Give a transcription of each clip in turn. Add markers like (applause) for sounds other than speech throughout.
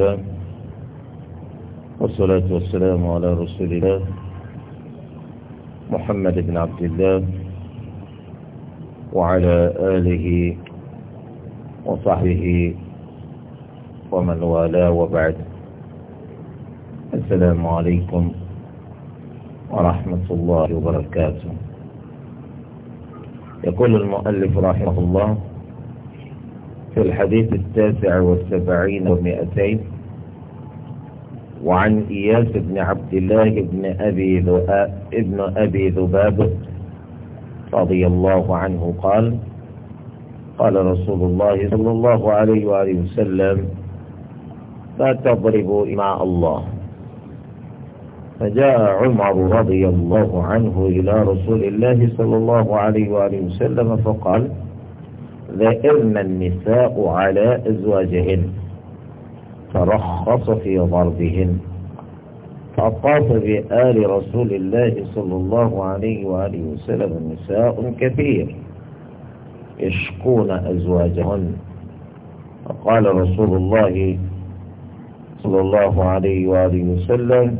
الله والصلاة والسلام على رسول الله محمد بن عبد الله وعلى آله وصحبه ومن والاه وبعد السلام عليكم ورحمة الله وبركاته يقول المؤلف رحمه الله في الحديث التاسع والسبعين ومئتين وعن إياس بن عبد الله بن أبي ابن أبي ذباب رضي الله عنه قال قال رسول الله صلى الله عليه وآله وسلم لا تضربوا مع الله فجاء عمر رضي الله عنه إلى رسول الله صلى الله عليه وآله وسلم فقال ذئرنا النساء على أزواجهن ترخص في ضربهن فأطاف بآل رسول الله صلى الله عليه وآله وسلم نساء كثير يشكون أزواجهن فقال رسول الله صلى الله عليه وآله وسلم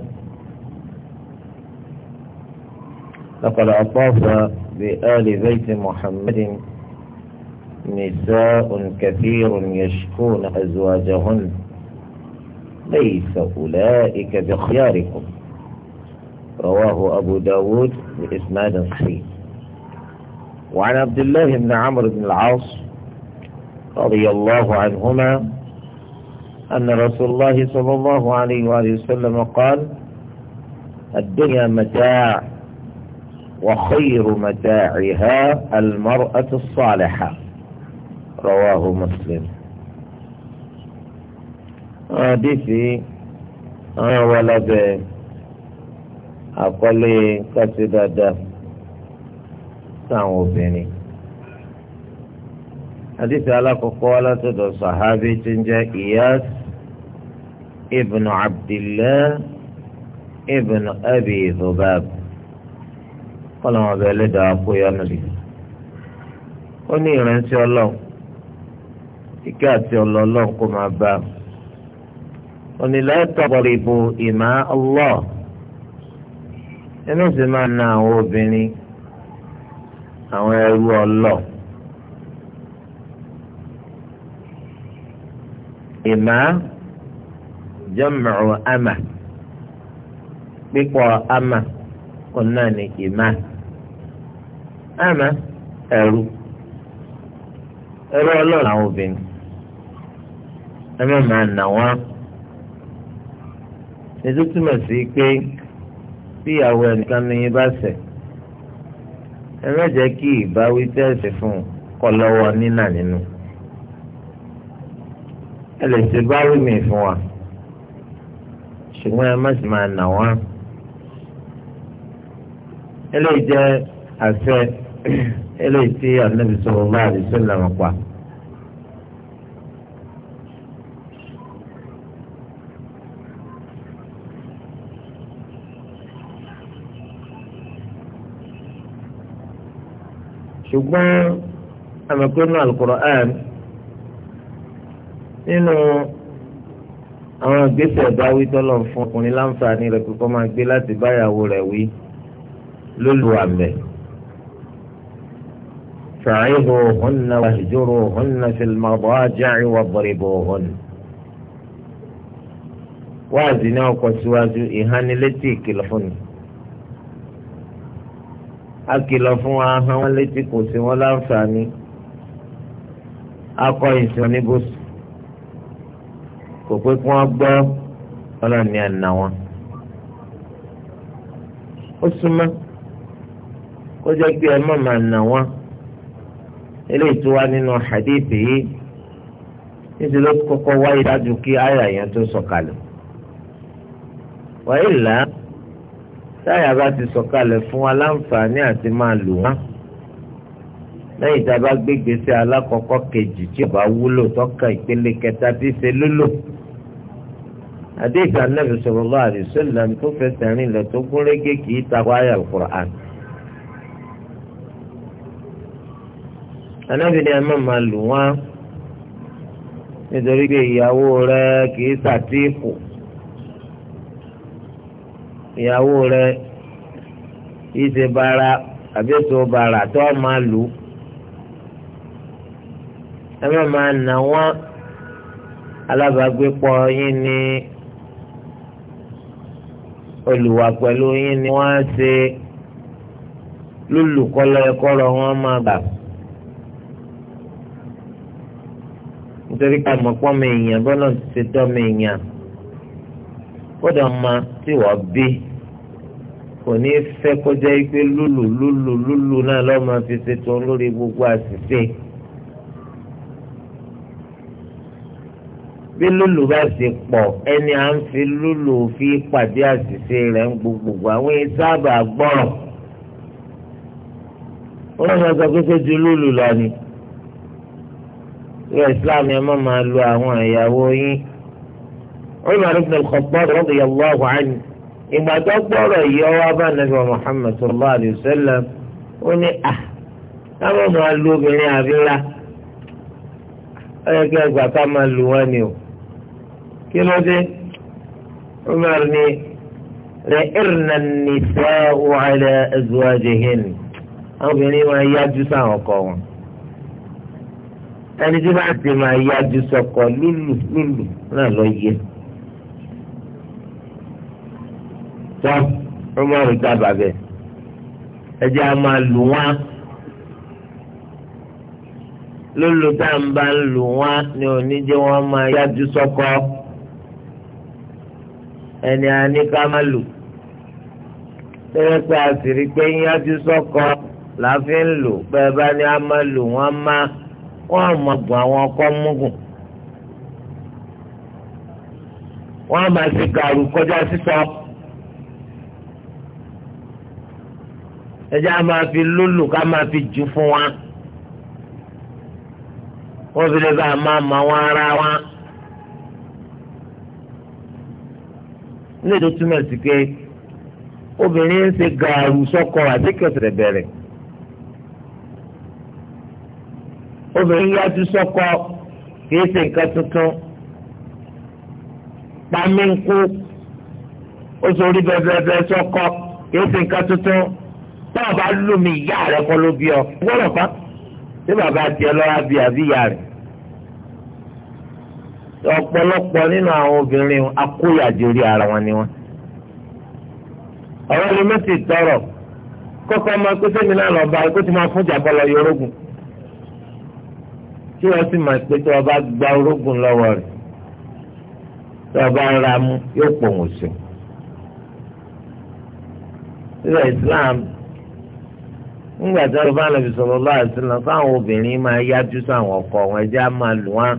لقد أطاف بآل بيت محمد نساء كثير يشكون أزواجهن ليس أولئك بخياركم رواه أبو داود بإسناد صحيح وعن عبد الله بن عمرو بن العاص رضي الله عنهما أن رسول الله صلى الله عليه وآله وسلم قال الدنيا متاع وخير متاعها المرأة الصالحة رواه مسلم àwọn àdìsí àwọn àwọn alábẹ àkọlé kásí dáadáa sáwọn obìnrin àdìsí alákọ̀ọ́kọ́ alátọ̀dọ̀ sàhábí tí ń jẹ́ Iyas ibn Abdillah ibn Abi Dhubab kọ́nà wọn bẹ̀rẹ̀ lẹ́dàá kó yánu ó ní ìrántí ọlọ́run ìkẹ́ àti ọlọ́ọ̀lọ́run kó máa bá a. onílẹ̀ tọ̀pọ̀lìbù ìmá ọlọ́ ẹnu sì máa na àwọn obìnrin àwọn ẹrú ọlọ́ ìmá jẹ́mọ̀ọ́ àmà pípọ̀ àmà ọ̀nà ni ìmá àmà ẹrú ẹrú ọlọ́ làwọn obìnrin ẹ má máa na ètò túmọ̀ sí pé bí ìyàwó ẹnìkan ní yín bá ṣẹ̀ ẹ má jẹ́ kí ìbáwí tẹ̀sí fún un kọ́ lọ́wọ́ nínà nínú ẹ lè ṣe báwí mi fún wa ṣùgbọ́n ẹ má sì máa nà wá eléyìí jẹ́ àṣẹ eléyìí tí Ànábì sallallahu alaihi wasallam pa. ṣùgbọ́n àmọ̀pẹ́nu alukur'an nínú àwọn ìgbésẹ̀ ìbáwí tọ́lọ̀ fún ọkùnrin láǹfààní rẹ̀ kó máa gbé láti báyàwó rẹ̀ wí lólùwàmẹ̀. فعظوهن واهجروهن في المضاجع واضربوهن wáàzì náà kọ síwájú ìhánilétí ìkìlọ̀ fún mi a kìlọ̀ fún wa hàn wọ́n létí kò sí wọn láǹfààní akọ ìsìn oníbùsùn kò pé kí wọ́n gbọ́ ọlọ́ni àná wọn. ó súnmọ́ kó jẹ́ pé ẹ má máa nà wọ́n eléyìí tó wá nínú hadith yìí nítorí ó kọ́kọ́ wáyé dájú kí àyà yẹn tó sọ̀kalẹ̀. wàyí là táyà bá ti sọ̀kalẹ̀ fún wa láǹfààní àti máa lò wọ́n lẹ́yìn tá a bá gbé gbèsè alákọ̀ọ́kọ́ kejì tí ó bá wúlò tọ́ka ìpele kẹta tí ṣe lólò àdéhùn anábì sallallahu alaihi wasallam tó fẹsẹ̀ rìn lọ tó gún régé kì í takò àyà al-Qur'an. anábì ni a máa máa lò wọ́n nítorí pé ìyàwó rẹ̀ kì í sàtìkù ìyàwó rẹ ìṣe bara àbí ètò bara tó máa lù ẹ má máa nà wọ́n alábàágbépọ̀ yín ni olùwà pẹ̀lú yín ni wọ́n á ṣe lólùkọ́lọ́ ẹ̀kọ́rọ̀ wọn máa gbà. nítorí ká mọ̀ pọ́ mi èèyàn bọ́lá ti ṣe tọ́ mi èèyàn gbọ́dọ̀ máa tí wọ́n bí kò ní fẹ́ kọjá ipe lulu lulu lulu náà lọ́ọ́ máa fi ṣètò lórí gbogbo àṣìṣe. bí lulu bá ṣe pọ̀ ẹni à ń fi lulu fi pàdé àṣìṣe rẹ̀ ń gbogbo àwọn sábà gbọ́rọ̀. ó lọ́ọ́ máa sọ pé kó ju lulu lọ ni. ìwé Islam ẹ má máa lo àwọn ìyàwó yín. Umar ibn al-Khattab radiyallahu anhu ìgbà tó gbọ́rọ̀ yìí ọwọ́ abánabi Muhammad sallallahu alayhi wa sallam ó ní à ah, táwọn máa lu obìnrin àbílá ọyọ kí ẹgbà ká máa lu wọn ni o kí ló dé Umar ni rẹ ìrìnà nìfẹ́ wàhálà ẹ̀zùwájẹ̀hìn àwọn obìnrin máa yájú sáwọn ọkọ wọn ẹni tí bá ti máa yájú sọkọ lúlù lúlù náà lọ yẹ. tọ́ ọmọọ̀rùn dábàá bẹ́ẹ̀ ẹ jẹ́ a máa lù wọ́n lólu tá à ń bá lù wọ́n ni òní jẹ́ wọ́n máa yájú sọ́kọ ẹni àní ká má lù tẹ́lẹ̀ pé a sì rí pé yájú sọ́kọ làá fi ń lù bẹ́ẹ̀ bá ní a máa lù wọ́n máa wọ́n á máa gùn àwọn ọkọ múgùn wọ́n á máa ṣe gàrú kọjá sísọ. ẹjẹ́ a máa fi lólù ká máa fi jù fún wa wọ́n fi lè bá a máa mọ wọn ara wa. ilé tó túmọ̀ sí pé obìnrin ń ṣe gàrú sọ́kọ àti kẹsìrẹ̀ bẹ̀rẹ̀ obìnrin yájú sọ́kọ kìí ṣe nǹkan tuntun pàmí ń kú ó sọ orí bẹ́ẹ̀ bẹ́ẹ̀ sọ́kọ kìí ṣe nǹkan tuntun tá a bá lómi ìyá rẹ kọ́ ló bí ọ gbọ́dọ̀ pa ṣé bàbá tiẹ̀ lọ́ra bí àbí ìyá rẹ̀ ọ̀pọ̀lọpọ̀ nínú àwọn obìnrin akóyàjò orí ara wọn ni wọn. ọ̀rọ̀ ni mo ti tọrọ kọ́kọ́ máa kó sẹ́mi náà lọ bá kó ti máa fún jàbọ́ lọ yorógùn tí wọ́n sì máa pé tí wọ́n bá gba orógùn lọ́wọ́ rẹ̀ tí wọ́n bá ra mú yóò pọ̀ wọ́n sí nígbà tí wọn bá lọ fi sọ̀rọ̀ lọ àti lọ fáwọn obìnrin máa yájú sáwọn ọkọ wọn ẹjẹ á máa lù wọn.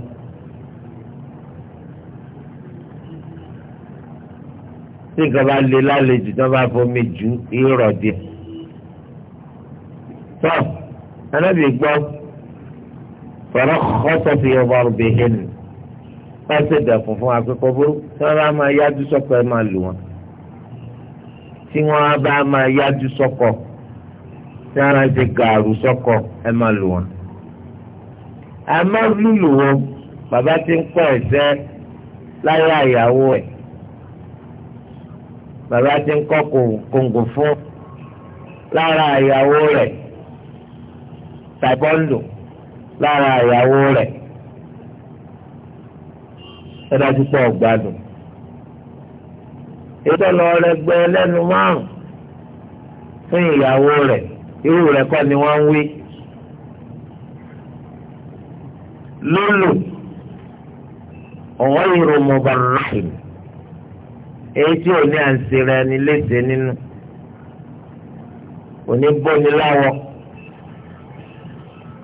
tí nǹkan bá le lálejò tí wọn bá fomi ju irọ́ díẹ̀. tọ́ anábì gbọ́ fọ̀rọ̀ ọ̀sọ̀ fi ọba ọ̀bẹ hẹ́n wọ́n dẹ̀kun fún akẹ́kọ̀ọ́ bó tí wọ́n bá máa yájú sọ́kọ ẹ̀ máa lù wọn. tí wọ́n bá máa yájú sọ́kọ tí wọ́n máa ń ṣe gàrú sọ́kọ ẹ máa lò wọ́n. àmọ́ lílò wọn bàbá ti ń kọ́ ẹ̀sẹ́ láyé àyàwó ẹ̀ bàbá ti ń kọ́ kòǹgò fún lára àyàwó rẹ̀ tàbọ́ǹdò lára àyàwó rẹ̀ ẹ dájú pé ọ̀gbádùn ètò ọlọ́ọ̀rẹ́gbẹ́ lẹ́nu márùn-ún fún ìyàwó rẹ̀ irú rẹ̀ kọ́ ni wọ́n ń wí lólò ọ̀wọ́ ìrò mọ̀bàráhìn èyí tí ò ní à ń sèrè ẹni léṣe nínú kò ní bóni láwọ̀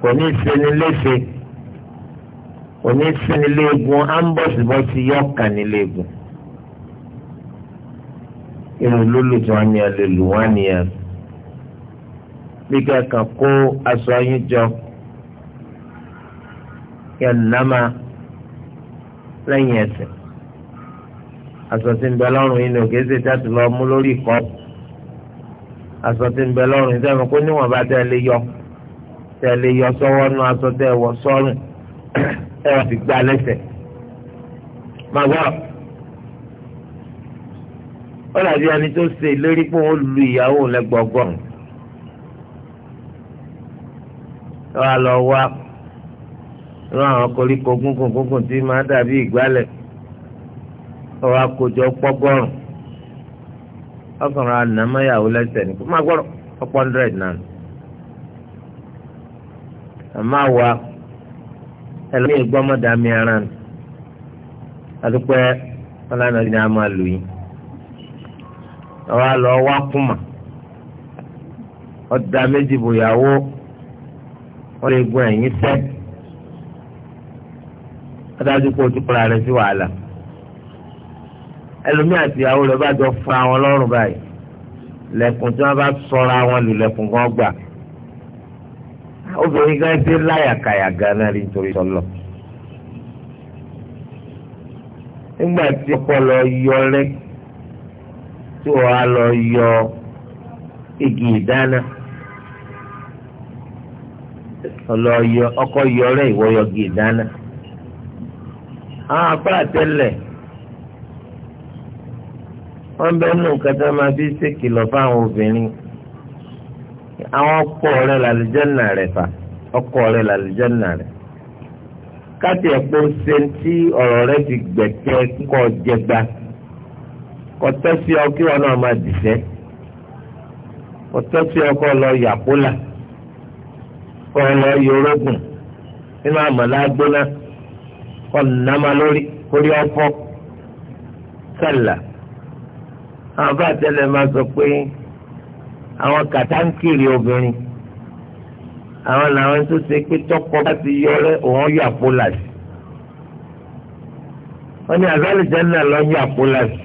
kò ní sẹni léṣe kò ní sẹni léegun ámbọ̀sibọ́sì yọ̀ọ̀kà ní léegun irú lólò tí wọ́n ní ẹ lè lù wọ́n ní ẹ bí kẹ́kàn kó aṣọ yín jọ kẹ́ nàmà lẹ́yìn ẹ̀sìn aṣọ tí ń bẹ lọ́rùn yín ni òkè ṣe jáde lọ mú lórí ìkọ́ aṣọ tí ń bẹ lọ́rùn yín sẹ́mi kó níwọ̀n bá tẹ́ lé yọ tẹ́ lé yọ sọ́wọ́ nú aṣọ tẹ́ wọ sọ́rùn ẹ wọ́n ti gbá lẹ́sẹ̀ má gbọ́rọ̀ ó dàbí ẹni tó ṣe ìlérí pé òun lu ìyàwó lẹ́gbọ̀ọ́gọ́rùn-ún. wọ́n lọ wá irú àwọn koríko gúngùn gúngùn tí máa dàbí ìgbálẹ̀ wọ́n á pọ́gọ́rùn ọkùnrin ànàmọ́yàwó lẹ́sẹ̀ ní kó má gbọ́rọ̀ ọ̀pọ̀ hundred náà àmọ́ àwa ẹlòmíì gbọ́mọdà mi ara nù adúpẹ́ ọlànà wá kùmà ọ̀dà méjì wọ́n lè gun ẹ̀yìn sẹ́ adájú pé o ti kura rẹ sí wàhálà ẹlòmíì àti ìyàwó rẹ bá jọ fura wọn lọ́rùn báyìí lẹ́kùn tí wọ́n bá sọra wọn lù lẹ́kùn kan gbà obìnrin gan ṣe láyàkàyà gan náà rí nítorí sọlọ nígbà tí ọkọ lọ yọ rẹ tí wọ́n á lọ yọ igi ìdáná ọlọ́yọ ọkọ yọrẹ ìwọ́yọgì ìdáná e àwọn apá àtẹlẹ wọn bẹ nù kẹta máa fi ṣèkìlọ̀ fáwọn obìnrin àwọn ọkọ rẹ làlùjẹ́nà rẹ fà ọkọ rẹ làlùjẹ́nà rẹ káti ẹ̀pọ̀ sẹ́ńtì ọ̀rọ̀ rẹ ti gbẹ̀tẹ́ kọ́ jẹgba kọ́tọ́ sí ọ kí wọn náà máa dìṣẹ́ kọ́tọ́ sí ọ kọ́ lọ yàpó là kọ́ ọ lọ yọ orógùn nínú àmàlà gbóná kọ́ nàmà lórí orí ọ̀fọ́ kàlà àwọn bá tẹlẹ máa sọ pé àwọn kàtàǹkìrì obìnrin àwọn làwọn tó ṣe pé tọkọ bá ti yọ ọrẹ òun yọ àpò làsì wọ́n ní lọ yọ àpò làsì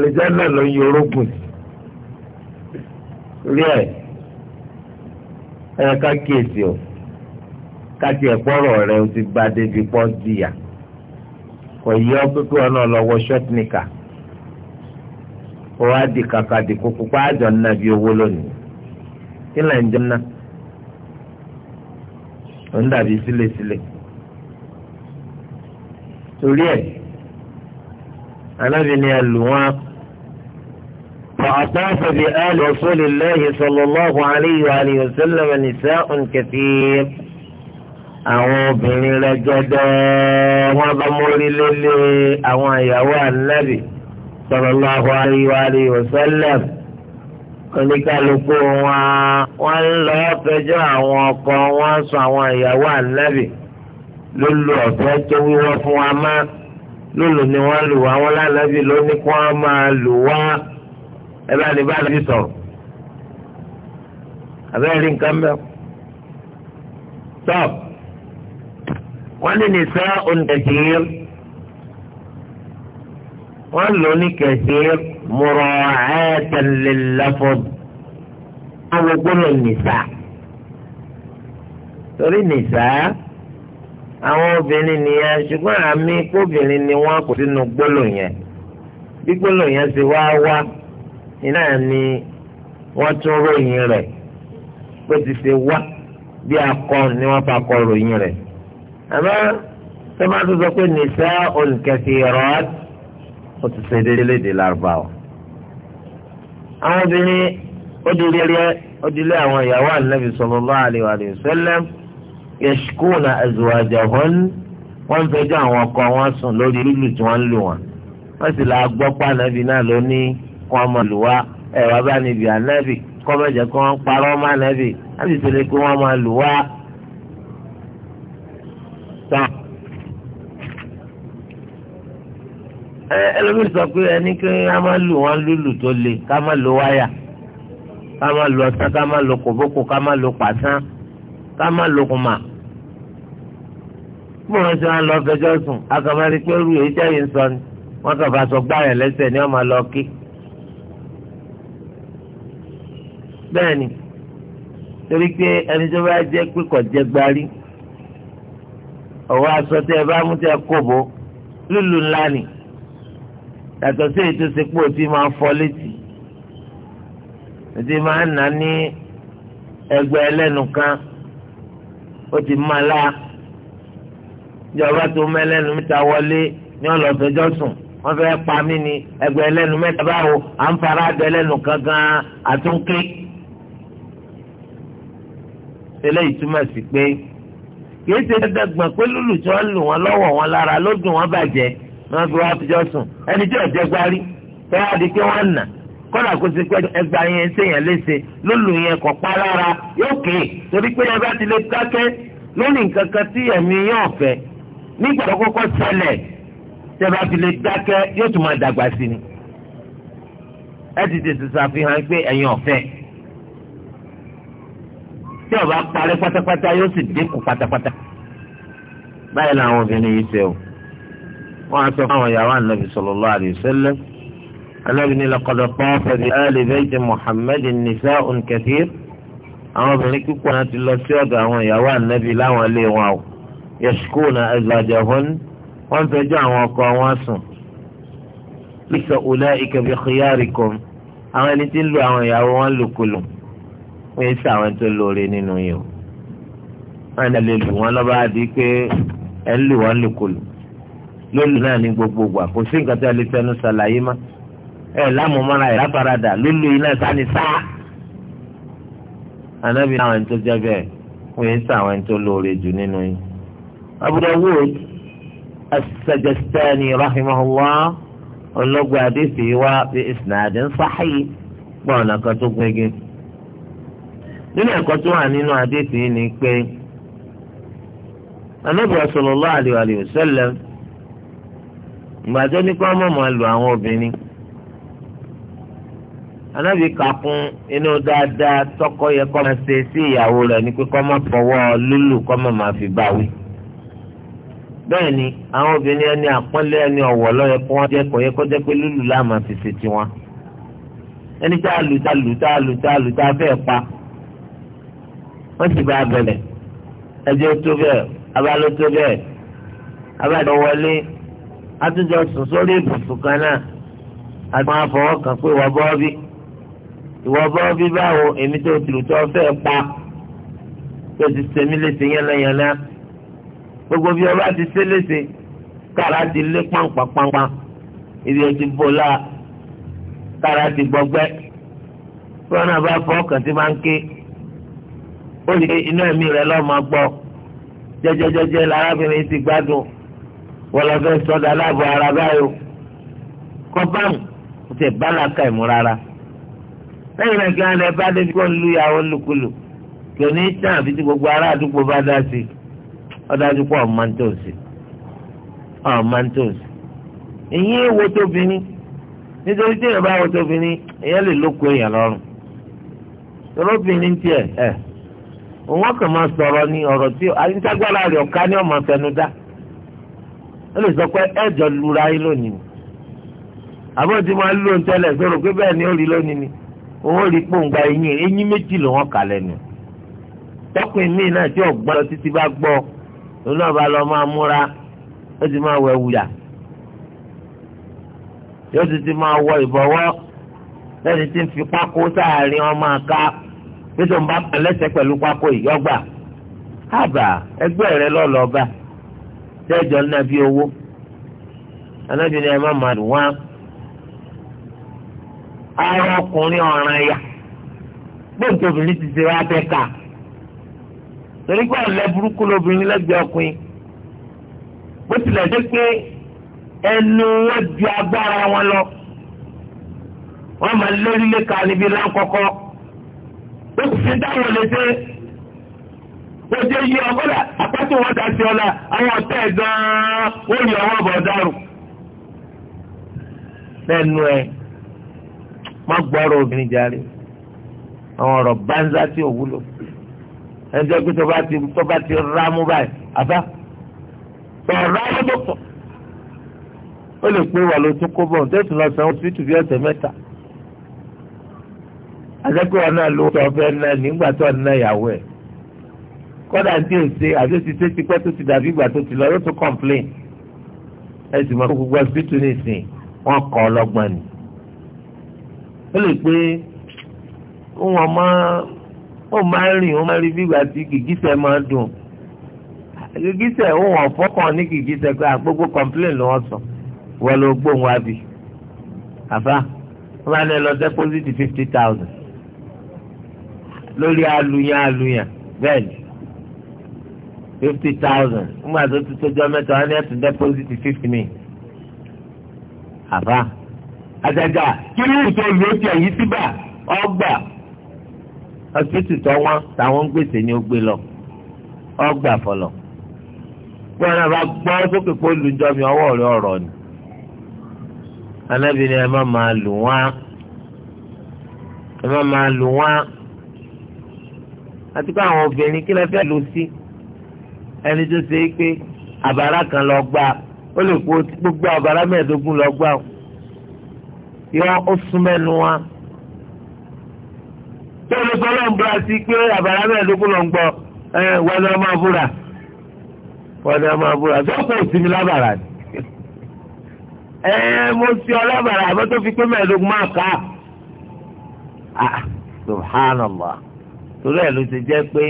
lọ (laughs) yọ orógùn rí ẹ̀. ẹ ká o ká ịkpọrọ rẹ o ti gba débi pọ́ jìyà kò yẹ ọ pé kí wọn náà lọ wọ ṣọ́tìníkà di kàkà di kókó pa àjọ ńnà owó lónìí kí là ń jẹ ńnà ń dàbí torí anábìnrin وأطاف بآل رسول الله صلى الله عليه وآله وسلم نساء كثير àwọn obìnrin rẹ̀gẹ̀dẹ̀ wọn bá mórí lélẹ̀ àwọn ìyàwó ànábì sallallahu alaihi wa alihi wa sallam oníkálukú wọn wọn ń lọ fẹjọ́ àwọn ọkọ wọn sọ àwọn ìyàwó ànábì lólu ọ̀fẹ́ tó wíwọ́ fún wa má lólu ni wọ́n lù wá wọn lánàbì lóní kí máa lù wá ẹ bá lè bá lè sọ̀rọ̀ abẹ́rẹ́ rí nǹkan bẹ́ẹ̀ tọ́ wọ́n ní nìṣẹ́ òǹdẹ̀kìrì wọ́n lò ní kẹ̀sìrì mọ̀rọ̀ ẹ̀ẹ́dẹ̀lẹ́lẹ́fọ́ àwọn gbọ́dọ̀ nìṣà torí nìṣà àwọn obìnrin nìyẹn ṣùgbọ́n àmì kóbìnrin ni wọ́n kò sínú gbọ́dọ̀ yẹn bí gbọ́dọ̀ yẹn ṣe wá wá iná ni wọ́n tún ròyìn rẹ̀ bó ti ṣe wá bí akọ ni wọ́n fa kọ ròyìn rẹ̀ àmọ́ tó máa tó sọ pé nìṣá olùkẹ́sì rọ̀ ó ti ṣe déédéé léde lárúbáwá àwọn obìnrin ó àwọn ìyàwó ànábì sallallahu alaihi wa sallam yashkuna azwajahun wọ́n fẹjọ́ àwọn ọkọ wọn sùn lórí lílù tí wọ́n ń lù wọ́n wọ́n sì la gbọ́ pàànàbì náà lónìí kó wọn máa lù wá ẹ wá bá níbi ànábì kó má jẹ́ kó wọn parọ́ má ànábì àti ìṣẹ̀lẹ̀ kó wọn máa lù wá. ẹlòmíì sọ pé ẹni kí a máa lù wọn lùlù tó le ká máa lo wáyà ká máa lo ọ̀sán ká máa lo kòbókò ká máa lo pàṣán ká máa lo kùmà mọ̀ràn sí wọn lọ fẹjọ́ sùn akọ̀mọ́rí pé rú èyí tẹ́yìn sọ ni wọ́n kàn bá sọ gbáyà lẹ́sẹ̀ ni wọ́n máa lọ kí. bẹ́ẹ̀ ni torí pé ẹni tó bá jẹ́ pé kò jẹ́ gbarí ọ̀wọ́ aṣọ tẹ ẹ bá mú tẹ kóbó lùlù ńlá ni yàtọ̀ sí èyí tó ṣe máa fọ́ létí òtí máa nà ní ẹgbẹ́ ẹlẹ́nu kan ó ti máa la ìjọba tó mẹ́lẹ́nu mẹ́ta wọlé ní ọlọ́sọjọ́ sùn wọ́n fẹ́ pa mí ni ẹgbẹ́ ẹlẹ́nu mẹ́ta báwo à ń fara ẹgbẹ́ ẹlẹ́nu kan àtúnké eléyìí túmọ̀ sí pé kìí ṣe dandan pé lùlù tí wọ́n lù wọ́n lọ́wọ́ wọn lára ló dùn wọ́n bàjẹ́ wọ́n fi wá fijọ́ sùn ẹni tí ọ̀jẹ̀ gbárí fẹ́ẹ́ adi pé wọ́n nà kọ́dà kó ṣe pé ẹgbà yẹn ṣèyàn léṣe lùlù yẹn kọ̀ pa lára yóò ké torí pé ẹ ti lè dákẹ́ lónìí nǹkan tí ẹ̀mí yóò fẹ́ nígbà tó kọ́kọ́ ṣẹlẹ̀ tẹ́ tí ó bá parí pátápátá yóò sì dínkù pátápátá. báyìí làwọn obìnrin yìí ṣe o wọn á sọ fún àwọn ìyàwó ànábì sallallahu alaihi wasallam ànábì ní laqad tafa bi ali bayti muhammadin nisa'un kathir àwọn obìnrin kíkọ́ náà ti lọ sí ọ̀dọ̀ àwọn ìyàwó ànábì láwọn ilé wọn o yashkuna azwajahun wọ́n fẹjọ́ àwọn ọkọ wọn sùn laysa ulaika bi khiyarikum àwọn àwọn wọ́n yẹn sí àwọn tó lóore o wọ́n yẹn lè lù wọ́n lọ́ba di pé ẹ̀ ń lù náà ní gbogbo gbà kò sí nǹkan tó lè fẹnu ṣàlàyé má ẹ̀ lámùmọ́ra ẹ̀ láfaradà lólù yìí náà sáni sá. anábì náà àwọn tó jẹ́ bẹ́ẹ̀ wọ́n sí àwọn tó lóore jù nínú yìí. Abu Dawud as wa bí nínú ẹ̀kọ́ tó wà nínú adéṣì yìí ni pé anábì sallallahu alaihi wa sallam ìgbà tó ní kí wọ́n mọ̀mọ́ lu àwọn obìnrin anábì kàkún inú dáadáa tọkọ yẹ kọ́ máa ṣe sí ìyàwó rẹ̀ ní pé kọ́ máa fọwọ́ lúlù kọ́ máa máa fi báwí bẹ́ẹ̀ ni àwọn obìnrin ẹni àpọ́nlé ẹni ọ̀wọ̀ lọ́yẹ kó wọ́n jẹ́ kó yẹ kó jẹ́ pé lúlù láàmà fi ṣe tiwọn ẹni tá a lù tá a lù tá a lù tá a lù pa wọ́n sì bá a bẹ̀rẹ̀ ẹjọ́ tó bẹ́ẹ̀ abalọ́ tó bẹ́ẹ̀ abájọ wọlé atúnjọ sùn sórí ibùsùn kan náà àtúnwá fọwọ́ kàn pé ìwọ bọ́ọ̀bí ìwọ bọ́ọ̀bí báwo èmi tó tìrùtọ́ fẹ́ pa tó ti sẹ́mi léṣe yánnayànna gbogbo bí ọba ti sé léṣe kára ti lé pàǹpàǹpàǹpà ibi ẹtì bọ́lá kára ti gbọgbẹ́ fúnra bá fọwọ́ kàn tí máa ń ké. ó lè inú ẹ̀mí rẹ lọ́ọ́ máa gbọ́ jẹ́jẹ́jẹ́jẹ́ lárábìnrin ti gbádùn wọ́n lọ aláàbọ̀ ara báyò kọ́báàmù kò tẹ̀ bálàkà ìmú lẹ́yìn náà kí wọ́n bá kó ń lu ìyàwó lukulù kò ní tí gbogbo ará àdúgbò bá dá sí pọ̀ ọ̀ma ń tó sí ọ̀ma ń tó sí. wọn kàn máa sọ̀rọ̀ ní ọ̀rọ̀ tí àyíntágbára rẹ̀ ọ̀ká ní ọmọ fẹnu ó lè sọ pé lura yín lónìí ni máa lò tẹ́lẹ̀ sọ̀rọ̀ pé ni ó rí lónìí ni òun rí pòǹgbà eyín eyín méjì ló wọ́n kà lẹ́nu tọkùn mí náà tí ọ̀gbọ́n lọ títí bá gbọ́ òun náà bá lọ máa múra ó ti máa wẹ̀ wuyà yóò ti ti máa wọ ìbọ̀wọ́ lẹ́ni tí ń fi pákó sáàárín ọmọ àká nítorí wọn bá lẹ́sẹ̀ pẹ̀lú pákó ìyọgbà àbà ẹgbẹ́ rẹ lọ́lọ́ba tẹ́jọ́ nàbí owó anábì ní ẹ̀ma màdù wá ara ọkùnrin ọ̀ràn ya gbọ́dọ̀ obìnrin ti ṣe wá bẹ́ẹ̀ ká torí pé ọ̀lẹ́ burúkú lobìnrin lẹ́gbẹ̀ẹ́ ọkùnrin bó tilẹ̀ pé ẹnu wọn ju agbára wọn lọ wọ́n máa lérí níbi sí dáhùn lè ṣe ó ṣe yí ọkọ́lá apátó wọn dá sí ọlá àwọn ọ̀tẹ́ gan-an ó yẹ ọwọ́ bọ̀ dárò. lẹ́nu ẹ̀ má gbọ́rọ̀ obìnrin járe àwọn ọ̀rọ̀ bánzá tí ò wúlò ẹni tó tó bá ti tó bá ti rámú báyìí àbá tó rámú tó pọ̀ ó lè pé wà ló tún kó bọ̀ ní tẹ́sán lọ sanwó sí tùbí ọ̀sẹ̀ mẹ́ta àtẹ́kọ̀ọ́ náà ló tọ́ fẹ́ náà nígbà tó ná ìyàwó ẹ̀ kọ́dà tí ò ṣe àti ti ṣe tipẹ́ tó ti dàbí ìgbà tó ti lọ yóò tó complain ẹ sì mọ gbogbo hospital nìsín wọn kọ ọlọ́gbọ́n ni ó lè pé wọn máa ó máa ń rìn ó máa rí bí ìgbà tí gìgísẹ̀ máa dùn gìgísẹ̀ ó wọn fọ́kàn ní gìgísẹ̀ pé àgbógbó complain ló wọ́n sọ wọ́n ló gbóhùn wá bì àfa wọ́n bá ní ẹ lọ deposit fifty thousand lórí aluyan aluyan bẹ́ẹ̀ ni fifty thousand nígbà tó ti tójọ́ mẹ́ta wọn ní ẹ̀sìn dẹ́pọ́sìtì fifty mi. àbá àjàgà kí ni ìtọ́ ìlú ó ti ẹ̀yìn síbà ọgbà ọsibítù tó wọn táwọn ń gbèsè ni ó gbé lọ ọgbà fọlọ. bí wọn náà bá gbọ́ sókè pé olùjọ mi ọwọ́ rẹ ọ̀rọ̀ ni. anábìrin ẹ má máa lù wọ́n ẹ má máa lù wọ́n àti pé àwọn obìnrin kí lè fẹ́ lò sí ẹni tó ṣe é pé àbárà kan lọ gbà ó lè kó gbogbo àbárà mẹ́ẹ̀ẹ́dógún lọ gbà ó yọ ó sún mẹ́nu wa tó lè sọ lọ́n búra sí pé àbárà mẹ́ẹ̀ẹ́dógún lọ ń gbọ́ ẹ wọ́n ni wọ́n máa búra wọ́n ni wọ́n máa búra sọ́kò òsínmi lábàrà ni (laughs) ẹ mo fi ọlọ́bàrà àbẹ́tó fi pé mẹ́ẹ̀ẹ́dógún máa kà á ah, subhanallah torí ẹ̀ ló ti jẹ́ pé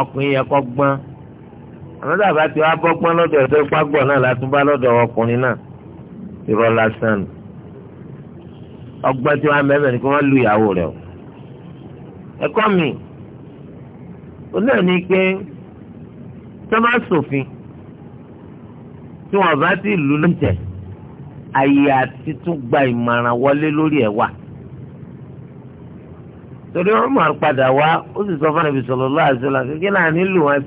ọkùnrin yẹ kọ́ gbọ́n àwọn dàbá tí wàá bọ́gbọ́n lọ́dọ̀ ẹ̀dọ́ pàgbọ́n náà látúbá lọ́dọ̀ ọkùnrin náà irọ́ lásán ni ọgbọ́n tí wàá mẹ́mẹ́ ni kí wọ́n lu ìyàwó rẹ̀ o ẹ̀kọ́ mi ó náà ní pé sọ́mà sòfin tí wọ́n bá ti lù lóúnjẹ àyè àti tún gba ìmọ̀ràn wọlé lórí ẹ̀ wà torí Umar padà wá ó sì sọ fún Ànábì sallallahu alaihi wasallam kékeré náà nílò wọn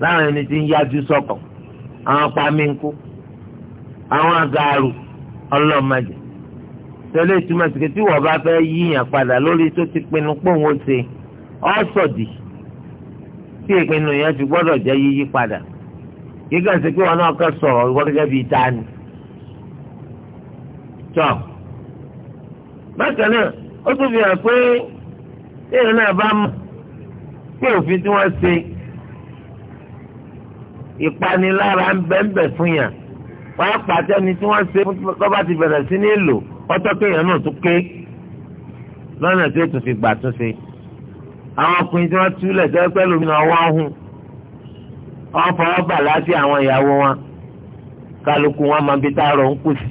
láwọn ẹni tí ń yájú sọkọ àwọn pamínkù àwọn agaaru ọlọ́mọdé tẹ́lẹ̀ ìtumọ̀ sìkè tí wọ́n bá fẹ́ yíyàn padà lórí tó ti pinnu pòun ó ṣe ọ́sọ̀dì tí ìpinnu yẹn ti gbọ́dọ̀ jẹ́ yíyí padà gíga sí pé wọn náà kẹ́ sọ̀rọ̀ ìwọ gẹ́gẹ́ bíi dání. tọ́ bákan náà ó tún fi hàn pé téèyàn náà bá mọ̀ pé òfin tí wọ́n ṣe ìpanilára ń bẹ́ńbẹ̀ fún yàn wọ́n á pàtẹ ni tí wọ́n ṣe kọ́ba ti bẹ̀rẹ̀ sí ní èlò ọtọ́ kéèyàn náà tún ké lọ́nà tí ó tún fi gbà tún ṣe àwọn ọkùnrin tí wọ́n túlẹ̀ tẹ́ pẹ́ lómi náà wọ́n hùn wọ́n fọwọ́ bà láti àwọn ìyàwó wọn kálukú wọn máa bí táàrọ̀ ń kù sí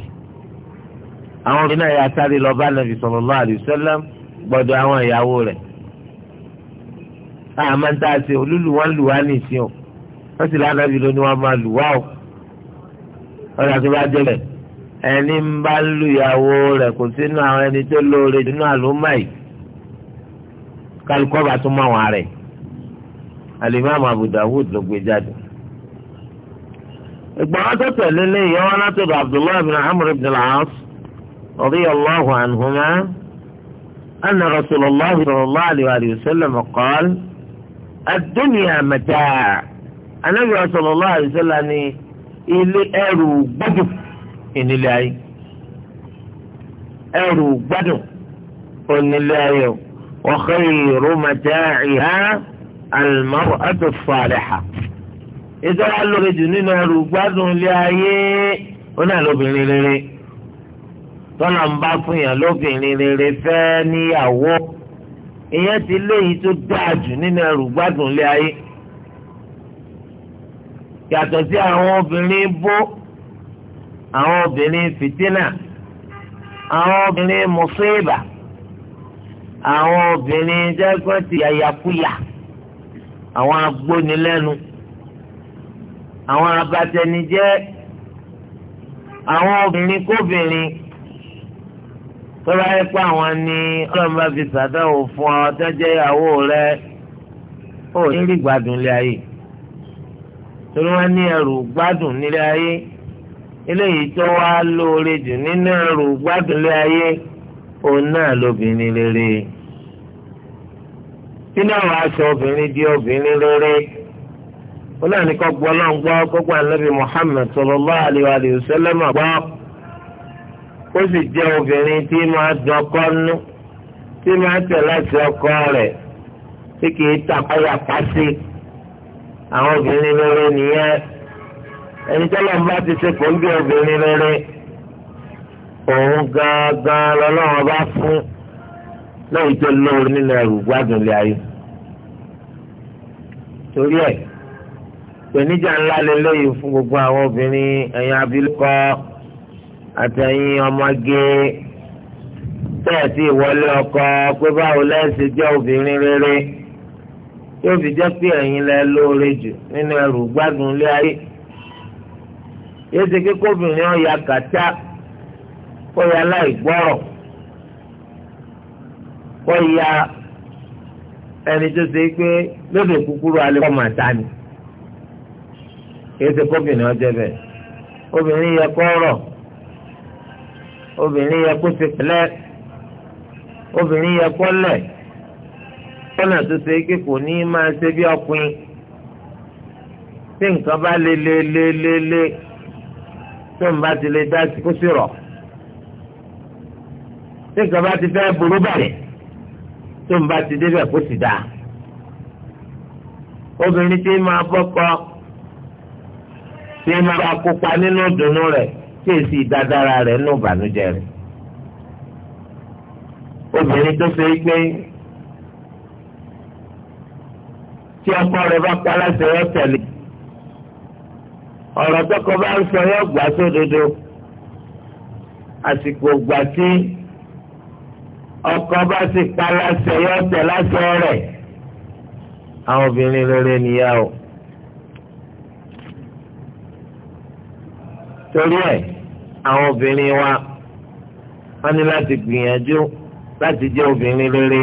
àwọn obìnrin náà yà sáré lọ bá nàbì sallallahu alaihi wasallam gbọ́dọ̀ àwọn ìyàwó rẹ̀ àmà ah, ń tà sí olúlu wọn lù wá nìsín o wọ́n sì lánàá bí lóní wọn máa lù wá o ọ̀rọ̀ àti bá jẹ́ bẹ̀ ẹni ń bá ń lu ìyàwó rẹ̀ kò sínú àwọn ẹni tó lóore nínú àlùmọ́ yìí kálukọ́ bá tún mọ àwọn rẹ̀ alimami Abu ló gbé jáde. ìgbà wọn tó tẹ̀lé lẹ́yìn wọn láti Abdullahi bin Amr ibn al-As radiyallahu anhuma anna Rasulullah sallallahu alayhi wa sallam qala ad-dunya mataa' anabi sallallahu alaihi wasallam ní ilé ẹrù gbádùn ìnílẹ̀ ayé ẹrù gbádùn onílẹ̀ ayé o wa khayru mataa'iha al-mar'atu as-salihah ìtọ́ra lórí jù nínú ẹrù gbádùn ilé ayé ó náà rere tọ́lá ń bá fún yàn lóbìnrin rere fẹ́ níyàwó èèyàn ti léyìí tó dáa jù nínú ẹrù gbádùn lé ayé yàtọ̀ sí àwọn obìnrin bó àwọn obìnrin fìtínà àwọn obìnrin mùsíbà àwọn obìnrin jẹ́gbọ́n yàyàkúyà àwọn agbónilẹ́nu àwọn abatẹnijẹ́ àwọn obìnrin kóbìnrin. tó bá pa pé àwọn ni ọlọ́run bá fi sàdáwò fún ọ tẹ́jẹ́ ìyàwó rẹ ó ní rí gbádùn ilé ayé torí wọ́n ní ẹrù gbádùn nílé ayé eléyìí tó wá lóore jù nínú ẹrù gbádùn ilé ayé òun náà lóbìnrin rere kí obìnrin di obìnrin rere ó náà ní kọ́ gbọ́ náà gbọ́ ó sì jẹ́ obìnrin tí máa dán ọkọ nú tí máa tẹ̀ láti ọkọ rẹ̀ tí kìí tàpáyà pàṣẹ àwọn obìnrin lóore nìyẹn ẹni tẹ́lẹ̀ ń bá ti ṣe kò ń bí obìnrin lóore òun gangan lọ́lọ́run bá fún lẹ́yìn tó lóore nínú ẹrù gbádùn ilé ayé torí ẹ̀ pèníjà ńlá lélẹ́yìn fún gbogbo àwọn obìnrin ẹ̀yìn abilékọ. àtẹ̀yìn ọmọge bẹ́ẹ̀ sì wọlé ọkọ pé báwo lẹ́sì jẹ́ obìnrin rere yóò fi jẹ́ pé ẹ̀yin lẹ lóore jù nínú ẹrù gbádùn ilé ayé kí kóbìnrin kàtá ya láì kó ya ẹni tó ṣe pé lóde kúkúrú alẹ́ kọ́ màtá ni ọjọ́ obìnrin yẹ obìnrin yẹ kó ṣe pẹ̀lẹ́ obìnrin yẹ kó lẹ̀ kọ́nà tó ṣe pé kò ní máa ṣe bí ọkùnrin tí nǹkan bá le le le le le tó ń bá ti lè dá sí kó sì rọ̀ tí nǹkan bá ti fẹ́ burú bàrẹ̀ tó ń bá ti débẹ̀ kó sì dáa obìnrin tí máa bọ́kọ tí máa bá kópa nínú ìdùnnú rẹ̀ tí èsì ìdádára rẹ̀ nù bànújẹ́ rẹ̀ obìnrin tó ṣe é pé tí ọkọ rẹ̀ bá pa láti ọ tẹ́lẹ̀ ọ̀rọ̀ tọkọ bá ń sọ yọ gbà sódodo àsìkò gbà tí ọkọ bá sì pa láti ọ tẹ láti ọ àwọn obìnrin rere nìyá o torí ẹ̀ àwọn obìnrin wa wọ́n ní láti gbìyànjú láti jẹ́ obìnrin rere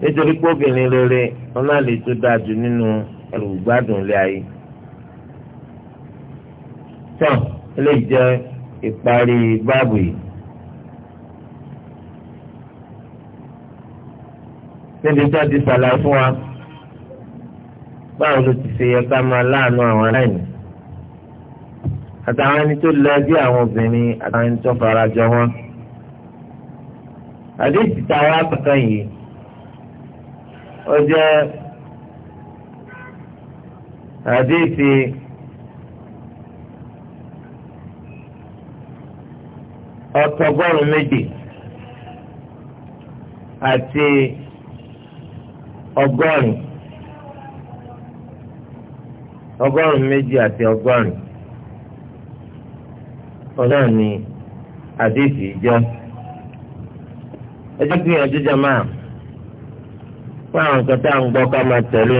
nítorí pé obìnrin rere wọn náà lè tó dáa jù nínú olùgbádùn ilé ayé. tán ilé jẹ́ ìparí báàbù yìí. níbi tí wọ́n ti sàlàyé fún wa báwo ló ti ṣe yẹ ká máa láàánú àwọn aláìní àtàwọn ẹni tó lọ bí àwọn obìnrin àtàwọn ẹni tó fara jọ wọn. àdéhùn táwọn akọ̀kan yìí ó jẹ́ àdéhùn ọ̀tọ̀gọ́rùn méjì àti ọgọ́rin ọgọ́rùn méjì àti ọgọ́rin. ọ̀nà ni àdéhìí jẹ́ ẹjọ́ gbìyànjú jama fún àwọn nǹkan tá à ń gbọ́ ká máa tẹ̀lé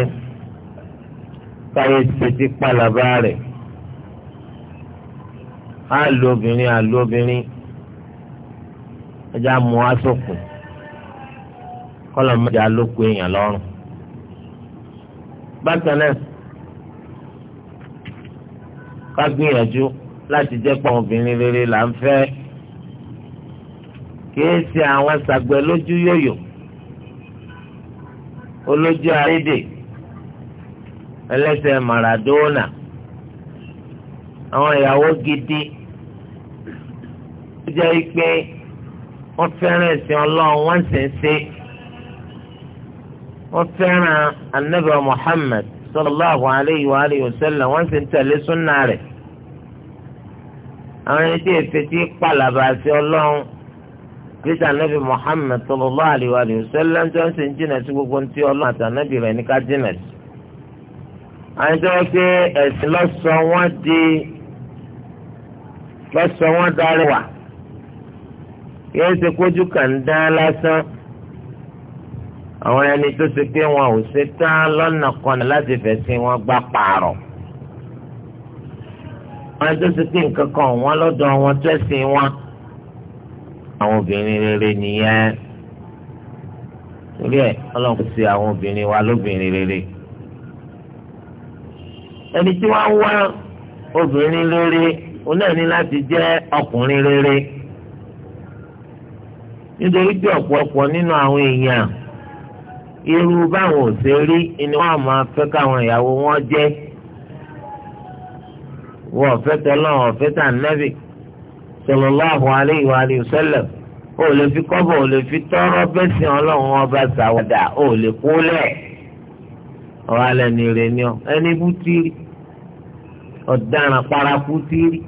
káyé ṣètì pàlàbà rẹ̀ á lo obìnrin á lo obìnrin ẹjọ́ amú asòkù kọ́lọ̀ mọ́jà ló kó èèyàn lọ́rùn bákan náà ká gbìyànjú. láti jẹ́ pọ̀ obìnrin rere là ń fẹ́ kìí ṣe àwọn sàgbẹ́ lójú yòyò olójú àrídè ẹlẹ́sẹ̀ Maradona àwọn ìyàwó gidi ó jẹ́ pé wọ́n fẹ́ràn ẹ̀sìn ọlọ́run wọ́n sì ń ṣe wọ́n fẹ́ràn anabi Muhammad sallallahu alayhi wa alihi wa sallam wọ́n sì ń tẹ̀lé súnà rẹ̀ àwọn ẹni tí èfè tí pàlàbà sí ọlọ́run kírísà nàbì Muhammad sallallahu alaihi wa sallam tó ń sè ń jìnà sí gbogbo ntí ọlọ́run àtànàbì rẹ̀ ní ká jìnà sí. àwọn tí wọ́n pé ẹ̀sìn lọ́sọ̀ wọ́n di lọ́sọ̀ wọ́n darí wà yóò ṣe kójú kàn dán lásán àwọn ẹni tó ṣe pé wọn ò ṣe tán lọ́nà kan láti fẹ̀sìn wọn gbà pààrọ̀ àwọn tó ti pé nǹkan kan wọn lọ́dọ̀ wọn tẹ́sìn wọn àwọn obìnrin rere nìyẹn torí ẹ̀ ọlọ́run kò àwọn obìnrin wa lóbìnrin rere ẹni tí wọ́n wá obìnrin rere òun náà ní láti jẹ́ ọkùnrin rere nítorí pé ọ̀pọ̀lọpọ̀ nínú àwọn èèyàn irú báwọn ò ṣe rí ni wọ́n máa fẹ́ káwọn ìyàwó wọn jẹ́ wọ ọ̀fẹ́ tọ́lọ́ ọ̀fẹ́ tà nẹ́bì sallallahu alayhi wa alihi wa sallam ó lè fi kọ́bọ̀ ó lè fi tọ́rọ́ bẹ́sìn ọlọ́run ọba ṣàwàdà ó lè kúlẹ̀ ọ̀rọ̀ alẹ́ ní rẹ̀ ni ọ ẹni bú tìrì ọ̀daràn paraku tìrì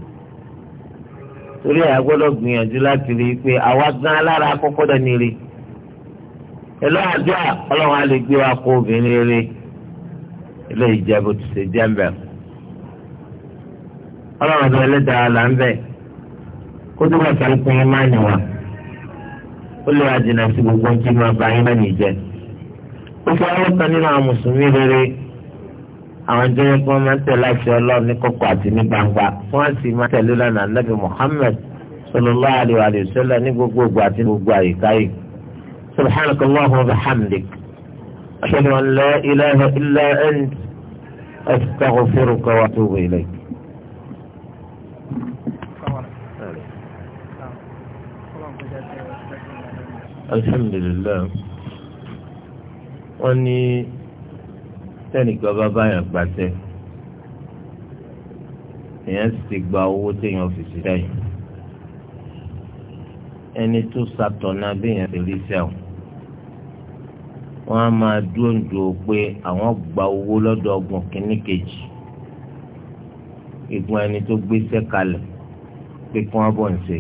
torí ẹ̀ gbọ́dọ̀ gbìyànjú láti rí i pé àwa gan alára akọ́kọ́ dání rí ẹ̀lọ́ àdúrà ọlọ́run á gbé wa kó obìnrin rí ilé ìjẹ́bù tó ṣe ọlọ́run ọba ẹlẹ́dàá là ń bẹ̀ kó tó bá sàlùkùn yín máa nìwà ó lè wá jìnnà sí gbogbo ń kí máa bá yín lẹ́nu ìjẹ. ó fọ ọlọ́kan nínú àwọn mùsùlùmí rere àwọn jẹ́ pé wọ́n máa ń tẹ̀lé àṣẹ ọlọ́run ní kọ̀kọ̀ àti ní gbangba máa tẹ̀lé lọ́nà ní gbogbo àti gbogbo àyíká yìí. alhamdulilayi wọ́n ní sẹ́nìkan bá báyàn gbàtẹ́ èèyàn sì ti gba owó téèyàn fi sílẹ̀ yìí ẹni tó ṣàtọ̀nà béèyàn ti rí sẹ́wọ̀n wọ́n á máa dúndú pé àwọn gba owó lọ́dọ̀ ọgbọ̀n kínní kejì igun ẹni tó gbéṣẹ́ kalẹ̀ pé kí wọ́n bọ̀ ń ṣe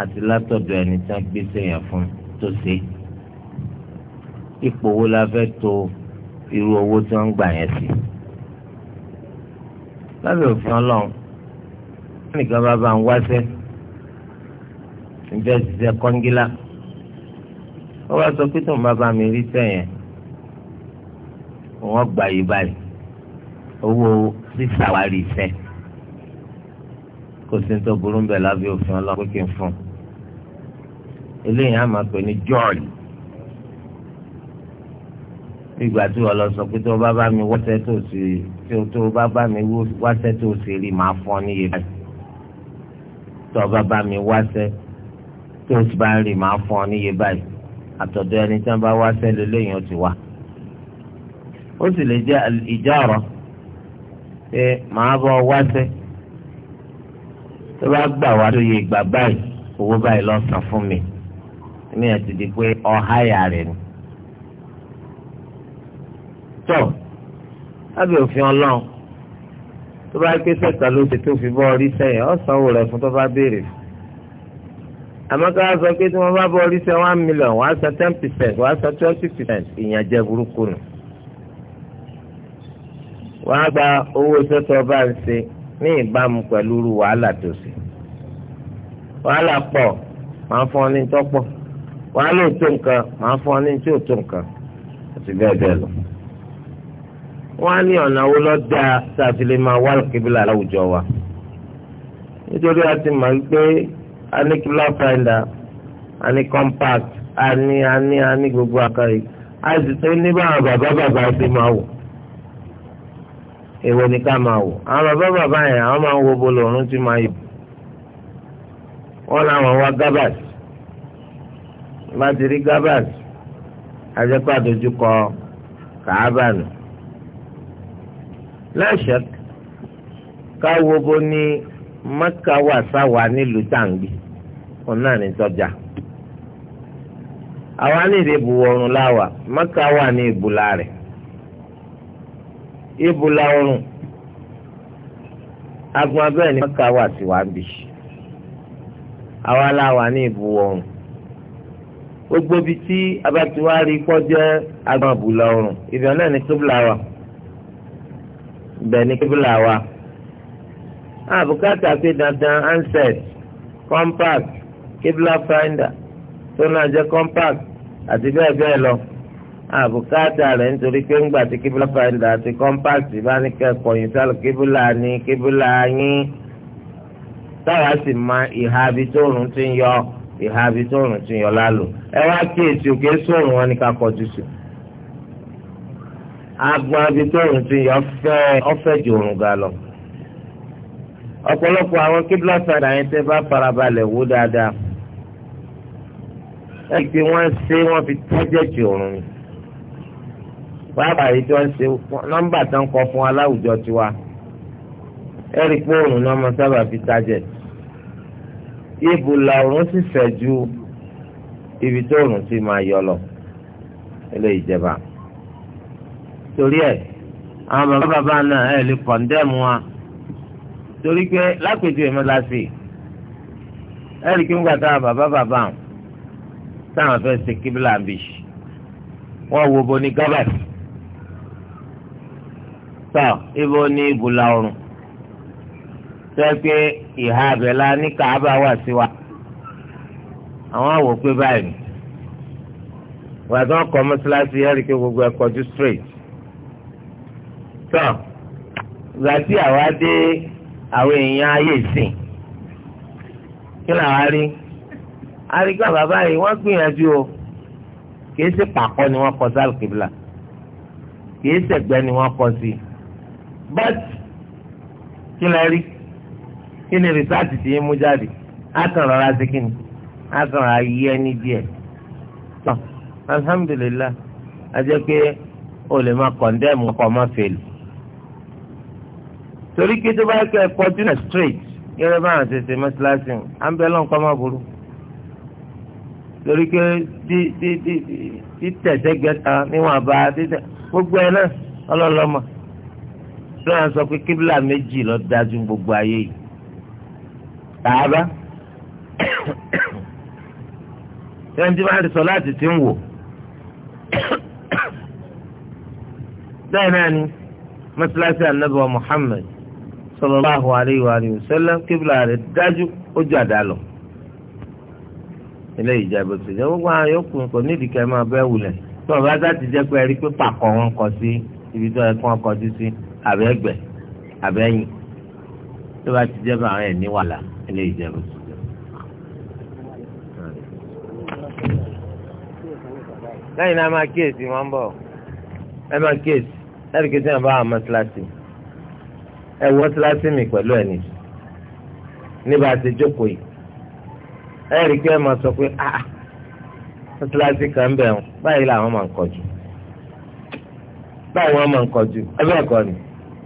àti látọ̀dọ̀ ẹni tí wọ́n gbéṣẹ́ yẹn fún un tó ṣe ipò wo la fẹ́ to irú owó tí wọ́n ń gbà yẹn sí. lábẹ́ òfin ọlọ́run nìkan bá bá ń wáṣẹ́ níjẹ́ ṣiṣẹ́ kọ́ńgílá ó wá sọ pé tóun bá bá mi rí sẹ́yìn wọ́n gbà yí báyìí owó sísàwárí iṣẹ́ kò sí ní tó burú ń bẹ̀ lábẹ́ òfin ọlọ́run pé kí n fún un eléyìí á máa pè ní jọ́ọ̀lì ìgbà tí wọ́n lọ sọ pé tó bá bá mi wọ́sẹ̀ tó sì tó bá bá mi wọ́sẹ̀ tó sì rí màá fọ́ níye báyìí tó bá bá mi wọ́sẹ̀ tó sì bá rí màá fọ́ níye báyìí àtọ̀dọ̀ ẹni tí wọ́n bá wọ́sẹ̀ lélẹ́yìn ó ti wá. ó sì lè jẹ́ ìjà ọ̀rọ̀ pé màá bọ́ wọ́sẹ̀ tó bá gbà wá tó yẹ ìgbà báyìí owó báyìí lọ́sàn fún mi ní ẹ ti di pé ọ̀háyà rẹ̀ ni. tọ́ lábẹ́ òfin ọlọ́run tó bá gbé sẹ́ta ló ṣe tó fi bọ́ orí sẹ́yìn ọ̀sánwó rẹ̀ fún tó bá béèrè fún. àmọ́ ká sọ pé tí wọ́n bá bọ́ orí sẹ́ one million wàá san ten percent wàá san twenty percent ìyànjẹ burúkú nù. wọ́n á gba owó sẹ́tọ̀ bá ń ṣe ní ìbámu pẹ̀lú wàhálà tó ṣe. wàhálà pọ̀ máa ń fún ní tọ́pọ̀ wàá lò tó nǹkan màá fún ọ ní tí ò tó nǹkan àti bẹ́ẹ̀ bẹ́ẹ̀ lọ. wọ́n á ní ọ̀nà wo lọ da sàfilẹ̀ máa wá láwùjọ wa nítorí a ti mọ̀ pé a ní a ní compact a ní a ní a ní gbogbo àkàrí a sì tó ní báwọn bàbá bàbá ti máa wò èwo ni ká máa wò àwọn bàbá bàbá yẹn àwọn máa ń wo bolo máa má ti rí gabas ajẹ́pẹ́ àdójúkọ kàábà nù. láṣẹ káwo bó ní mẹ́kà wà sáwà nílùú tàǹgbì òun náà ní tọ́jà. àwa ní ìdè ìbùwọ̀rùn láwà mẹ́kà wà ní ìbùlà rẹ̀. ìbùlà ọrùn agun abẹ́ẹ̀ ní mẹ́kà wà sí àwa láwà ní ìbùwọ̀rùn gbogbo bi tí abatiwari kọjá agbọn abùlà ọrùn ibẹ̀ náà ní kíbla wa ibẹ̀ ní kíbla wa àbùkátà pé dandan ansẹt compact kíbla finder tó náà jẹ́ compact àti bẹ́ẹ̀ bẹ́ẹ̀ lọ àbùkátà rẹ̀ nítorí pé ńgbà tí kíbla finder àti compact bá ní kẹ́kọ̀ọ́ yìí sálọ kíbla ní kíbla yín táwa sì mọ ìhà ibi tó rùn ti ń yọ ìhà àbí tóòrùn tún yọ lálò ẹ wá kíyèsí òkè sóòrùn wọn ni ká kọjú sí agbọn àbí tóòrùn tún yọ ọfẹ ọfẹ ju òrùn ga lọ ọ̀pọ̀lọpọ̀ àwọn kíbla sàdà yẹn tẹ́ bá farabalẹ̀ wò dáadáa ẹ pé wọ́n ṣe wọ́n fi tájẹ̀tì òrùn ni bàbá yìí tí wọ́n ṣe nọ́mbà tán kọ fún aláwùjọ tiwa ẹ rí i pé òrùn náà mọ sábà fi tájẹ̀tì ibùlà òrùn sì fẹ̀ ju ibi tó òrùn sì máa yọ lọ eléyìí jẹba torí ẹ àwọn bàbá bàbá náà ẹ lè kọ̀ndẹ́mù wa torí pé lápèjì èmi la sí ẹ rí i kí n gbà táwọn bàbá bàbá táwọn fẹ́ ṣe kíbílà bì wọ́n wo bo ní gábàtì tọ́ ibo ní ibùlà òrùn sọ pé ìhà abẹ́lá ní kàába wà sí wa àwọn àwò pé báyìí wàtí kọ́ mọ́ṣáláṣí ẹ̀rí pé gbogbo ẹ̀ kọjú straight tọ́ ìgbà tí àwa dé àwọn èèyàn ayé ìsìn kí làwa rí rí ká bàbá yìí wọ́n gbìyànjú o kìí ṣe pàkọ́ ni wọ́n kọ sí kìí ṣẹ̀gbẹ́ ni wọ́n kọ sí bọ́t kí lẹ rí kí ni rìsáàtì ti mú jáde àtàn rárá sí kí ni àtàn ayé ẹni díẹ̀. alhamdulilah a jẹ́ pé o lè máa kọ̀ndẹ́mù ọkọ̀ máa fèlè. torí kí tó bá kẹ́ ẹ kọjú náà straight yẹ́rẹ́ bá àwọn ṣẹṣẹ mọ́ṣáláṣí à ń bẹ lọ́n kọ́ máa burú. torí pé tí tí tí tí tẹ̀sẹ̀gbẹ́ta níwọ̀n àbá títẹ̀ gbogbo ẹ̀ náà ọlọ́lọ́mọ. lọ́wọ́n sọ pé kíbílà méjì ló dájú gbogbo ayé yìí kàába yẹn ti máa rí sọ láti ti ń wò bẹ́ẹ̀ náà ni mọ́sálásí ànábì wa Muhammad sallallahu alayhi wa sallam kíbla rẹ̀ dájú ó ju àdá lọ ilé ìjàgbé tó jẹ gbogbo àwọn yòókù kò nídìí kẹ máa bẹ wulẹ̀ tí wọn bá dá ti jẹ pé ẹrí pé pàkọ wọn kọ sí ibi tó yẹ kí kọjú sí àbẹ́gbẹ́ àbẹ́yìn tó bá ti jẹ bá àwọn ẹ̀ ní wàhálà ilé ìjẹun. lẹ́yìn náà máa kíyèsí wọn ń bọ̀ ẹ máa kíyèsí láti kí sẹ́yìn bá wà mọ́ síláṣí ẹ wọ́ síláṣí mi pẹ̀lú ẹ̀ ní níbà tí jókòó yìí ẹ rí i pé ẹ máa sọ pé ah síláṣí ah, kan bẹ̀ ń báyìí làwọn máa ń kọjú báyìí wọ́n máa ń kọjú ẹ bẹ́ẹ̀ kọ́ ni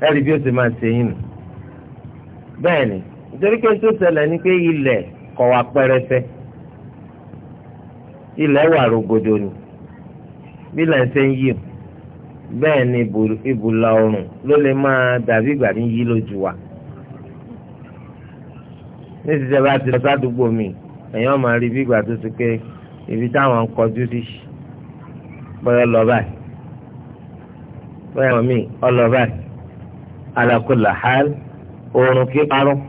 ẹ rí i bí ó ti máa ṣe yín nù bẹ́ẹ̀ ni nítorí pé tó ṣẹlẹ̀ ni pé ilẹ̀ kọ̀ wá pẹrẹsẹ ilẹ̀ wà rògbòdò ni bí là ń ṣe ń yí o bẹ́ẹ̀ ni ìbùlà ọrùn ló lè máa dàbí ìgbà ní yí lójú wa ní ti sẹ́ba ti lọ sádùúgbò mi èèyàn máa rí bí ìgbà tó ti pé ibi táwọn ń kọjú sí bọ́yọ̀ lọ báyìí bọ́yọ̀ mi ọ lọ báyìí ala oorun kí parun.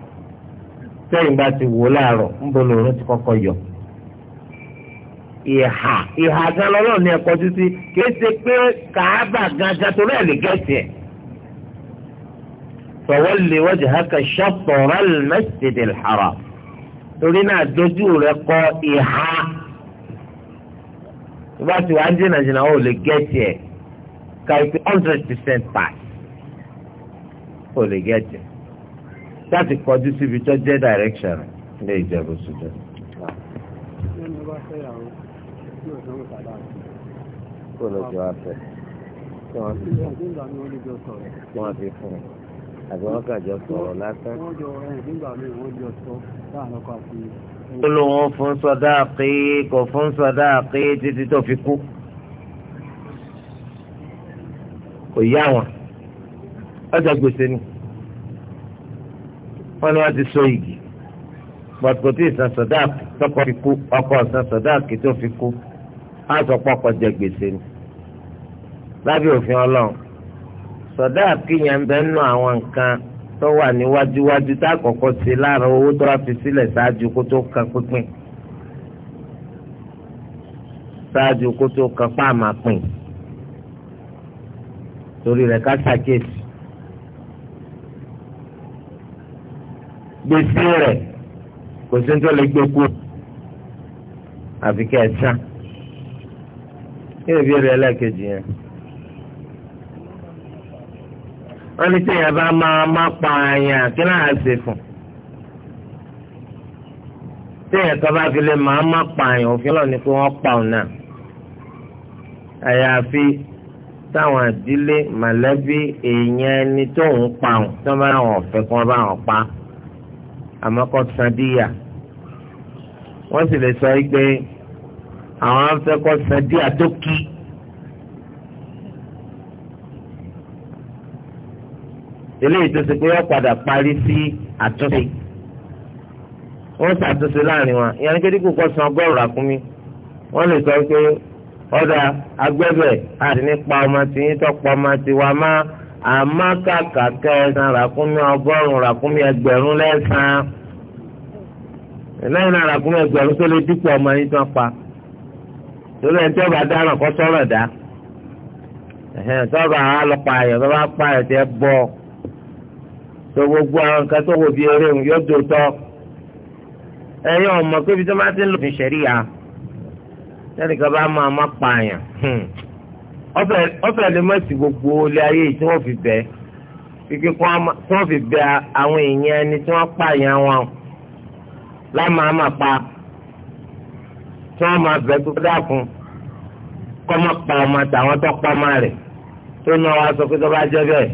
sẹ́yìn bá ti wò láàárọ̀ ń bọ̀ lòrùn ti kọ́kọ́ yọ. ìhà ìhà gan lọ́lọ́ ní ẹ̀kọ́ títí kìí ṣe pé kàábà gan jàtò náà lè gẹ̀ẹ́sì ẹ̀. fawalli wajhaka shatra al-masjid al-haram torí náà dojú rẹ kọ ìhà tó ti jìnnà jìnnà ó lè gẹ̀ẹ́sì ẹ̀ hundred pass ó lè gẹ̀ẹ́sì láti kọjú síbi tó jẹ́ direction ilé ìjẹ̀bù sùjọ. kó ló wọn fún sọdá pé kò fún sọdá pé títí tó fi kú kò yá wọn ọjà gbèsè ni wọ́n ní wọ́n ti so igi pọtukọtì ìsan sọdáàkì tọkọ fi kú ọkọ ìsan sọdáàkì tó fi kú á sọ pọkọ jẹ gbèsè ni lábẹ́ òfin Ọlọ́run sọdáàkì yẹn ń bẹ nù àwọn nǹkan tó wà níwájúwájú tá a kọ́kọ́ lára owó tó wá fi sílẹ̀ ṣáájú kó tó kan pínpín ṣáájú kó tó kan pàmà pín torí rẹ̀ ká ṣàkíyèsí. gbèsè rẹ̀ kò sí ní tó lè gbé kú àfi kẹ́ ẹ̀ tán kí ni ìbéèrè ẹlẹ́ẹ̀kejì yẹn. wọ́n ní tí èèyàn máa má pa àyàn kí náà ṣe fún tí èèyàn kan máa má pa àyàn òfin lọ́ọ̀ ni pé wọ́n pa òun náà àyàfi táwọn àdílé mọ̀lẹ́bí èèyàn ẹni tó ń pa òun tó bá wọn ọ̀fẹ́ kí wọ́n bá wọn pa á àmọ́ kó san díyà wọ́n sì lè sọ pé àwọn afẹ́ kó san díyà tó kí. eléyìí tó ṣe pé wọ́n padà parí sí àtúnṣe wọ́n ṣàtúnṣe láàrin wọn ìyẹn nígbà tí kò kọ́ san ọgọ́rùn-ún àkúnmí wọ́n lè sọ pé ọ̀dà agbẹ́bẹ̀ àti nípa ọmọ tìyín tó pa ọmọ tiwa máa àmọ́ kàkà kẹsàn ràkúnmí ọgọ́rùn ràkúnmí ẹgbẹ̀rún lẹ́sàn lẹ́yìn náà ràkúnmí ẹgbẹ̀rún tó lè dípò ọmọ yín tán pa torí ẹni tí ọba dáràn kọ́ sọ̀rọ̀ dá tọ́ba alọ́pàá ayọ̀ tọ́ba pa ayọ̀ tẹ́ bọ́ tó gbogbo àwọn nǹkan tó wò bí eré yóò dò tọ́ ẹ̀yin ọmọ pé ibi tó bá ti ń lò fi ṣẹ̀ríya lẹ́nìkan bá máa má pa àyàn. Hmm ọfẹ lè má sí gbogbo ilé ayé tí wọ́n fi bẹ kíkí kí wọ́n fi bẹ àwọn èèyàn ẹni tí wọ́n pààyàn wọn lámàámà pa tí wọ́n máa bẹ tó dákun kọ́ máa pa ọmọ àtàwọn tó pa ọmọ rẹ̀ tó náà wá sọ pé tó bá jẹ́ bẹ́ẹ̀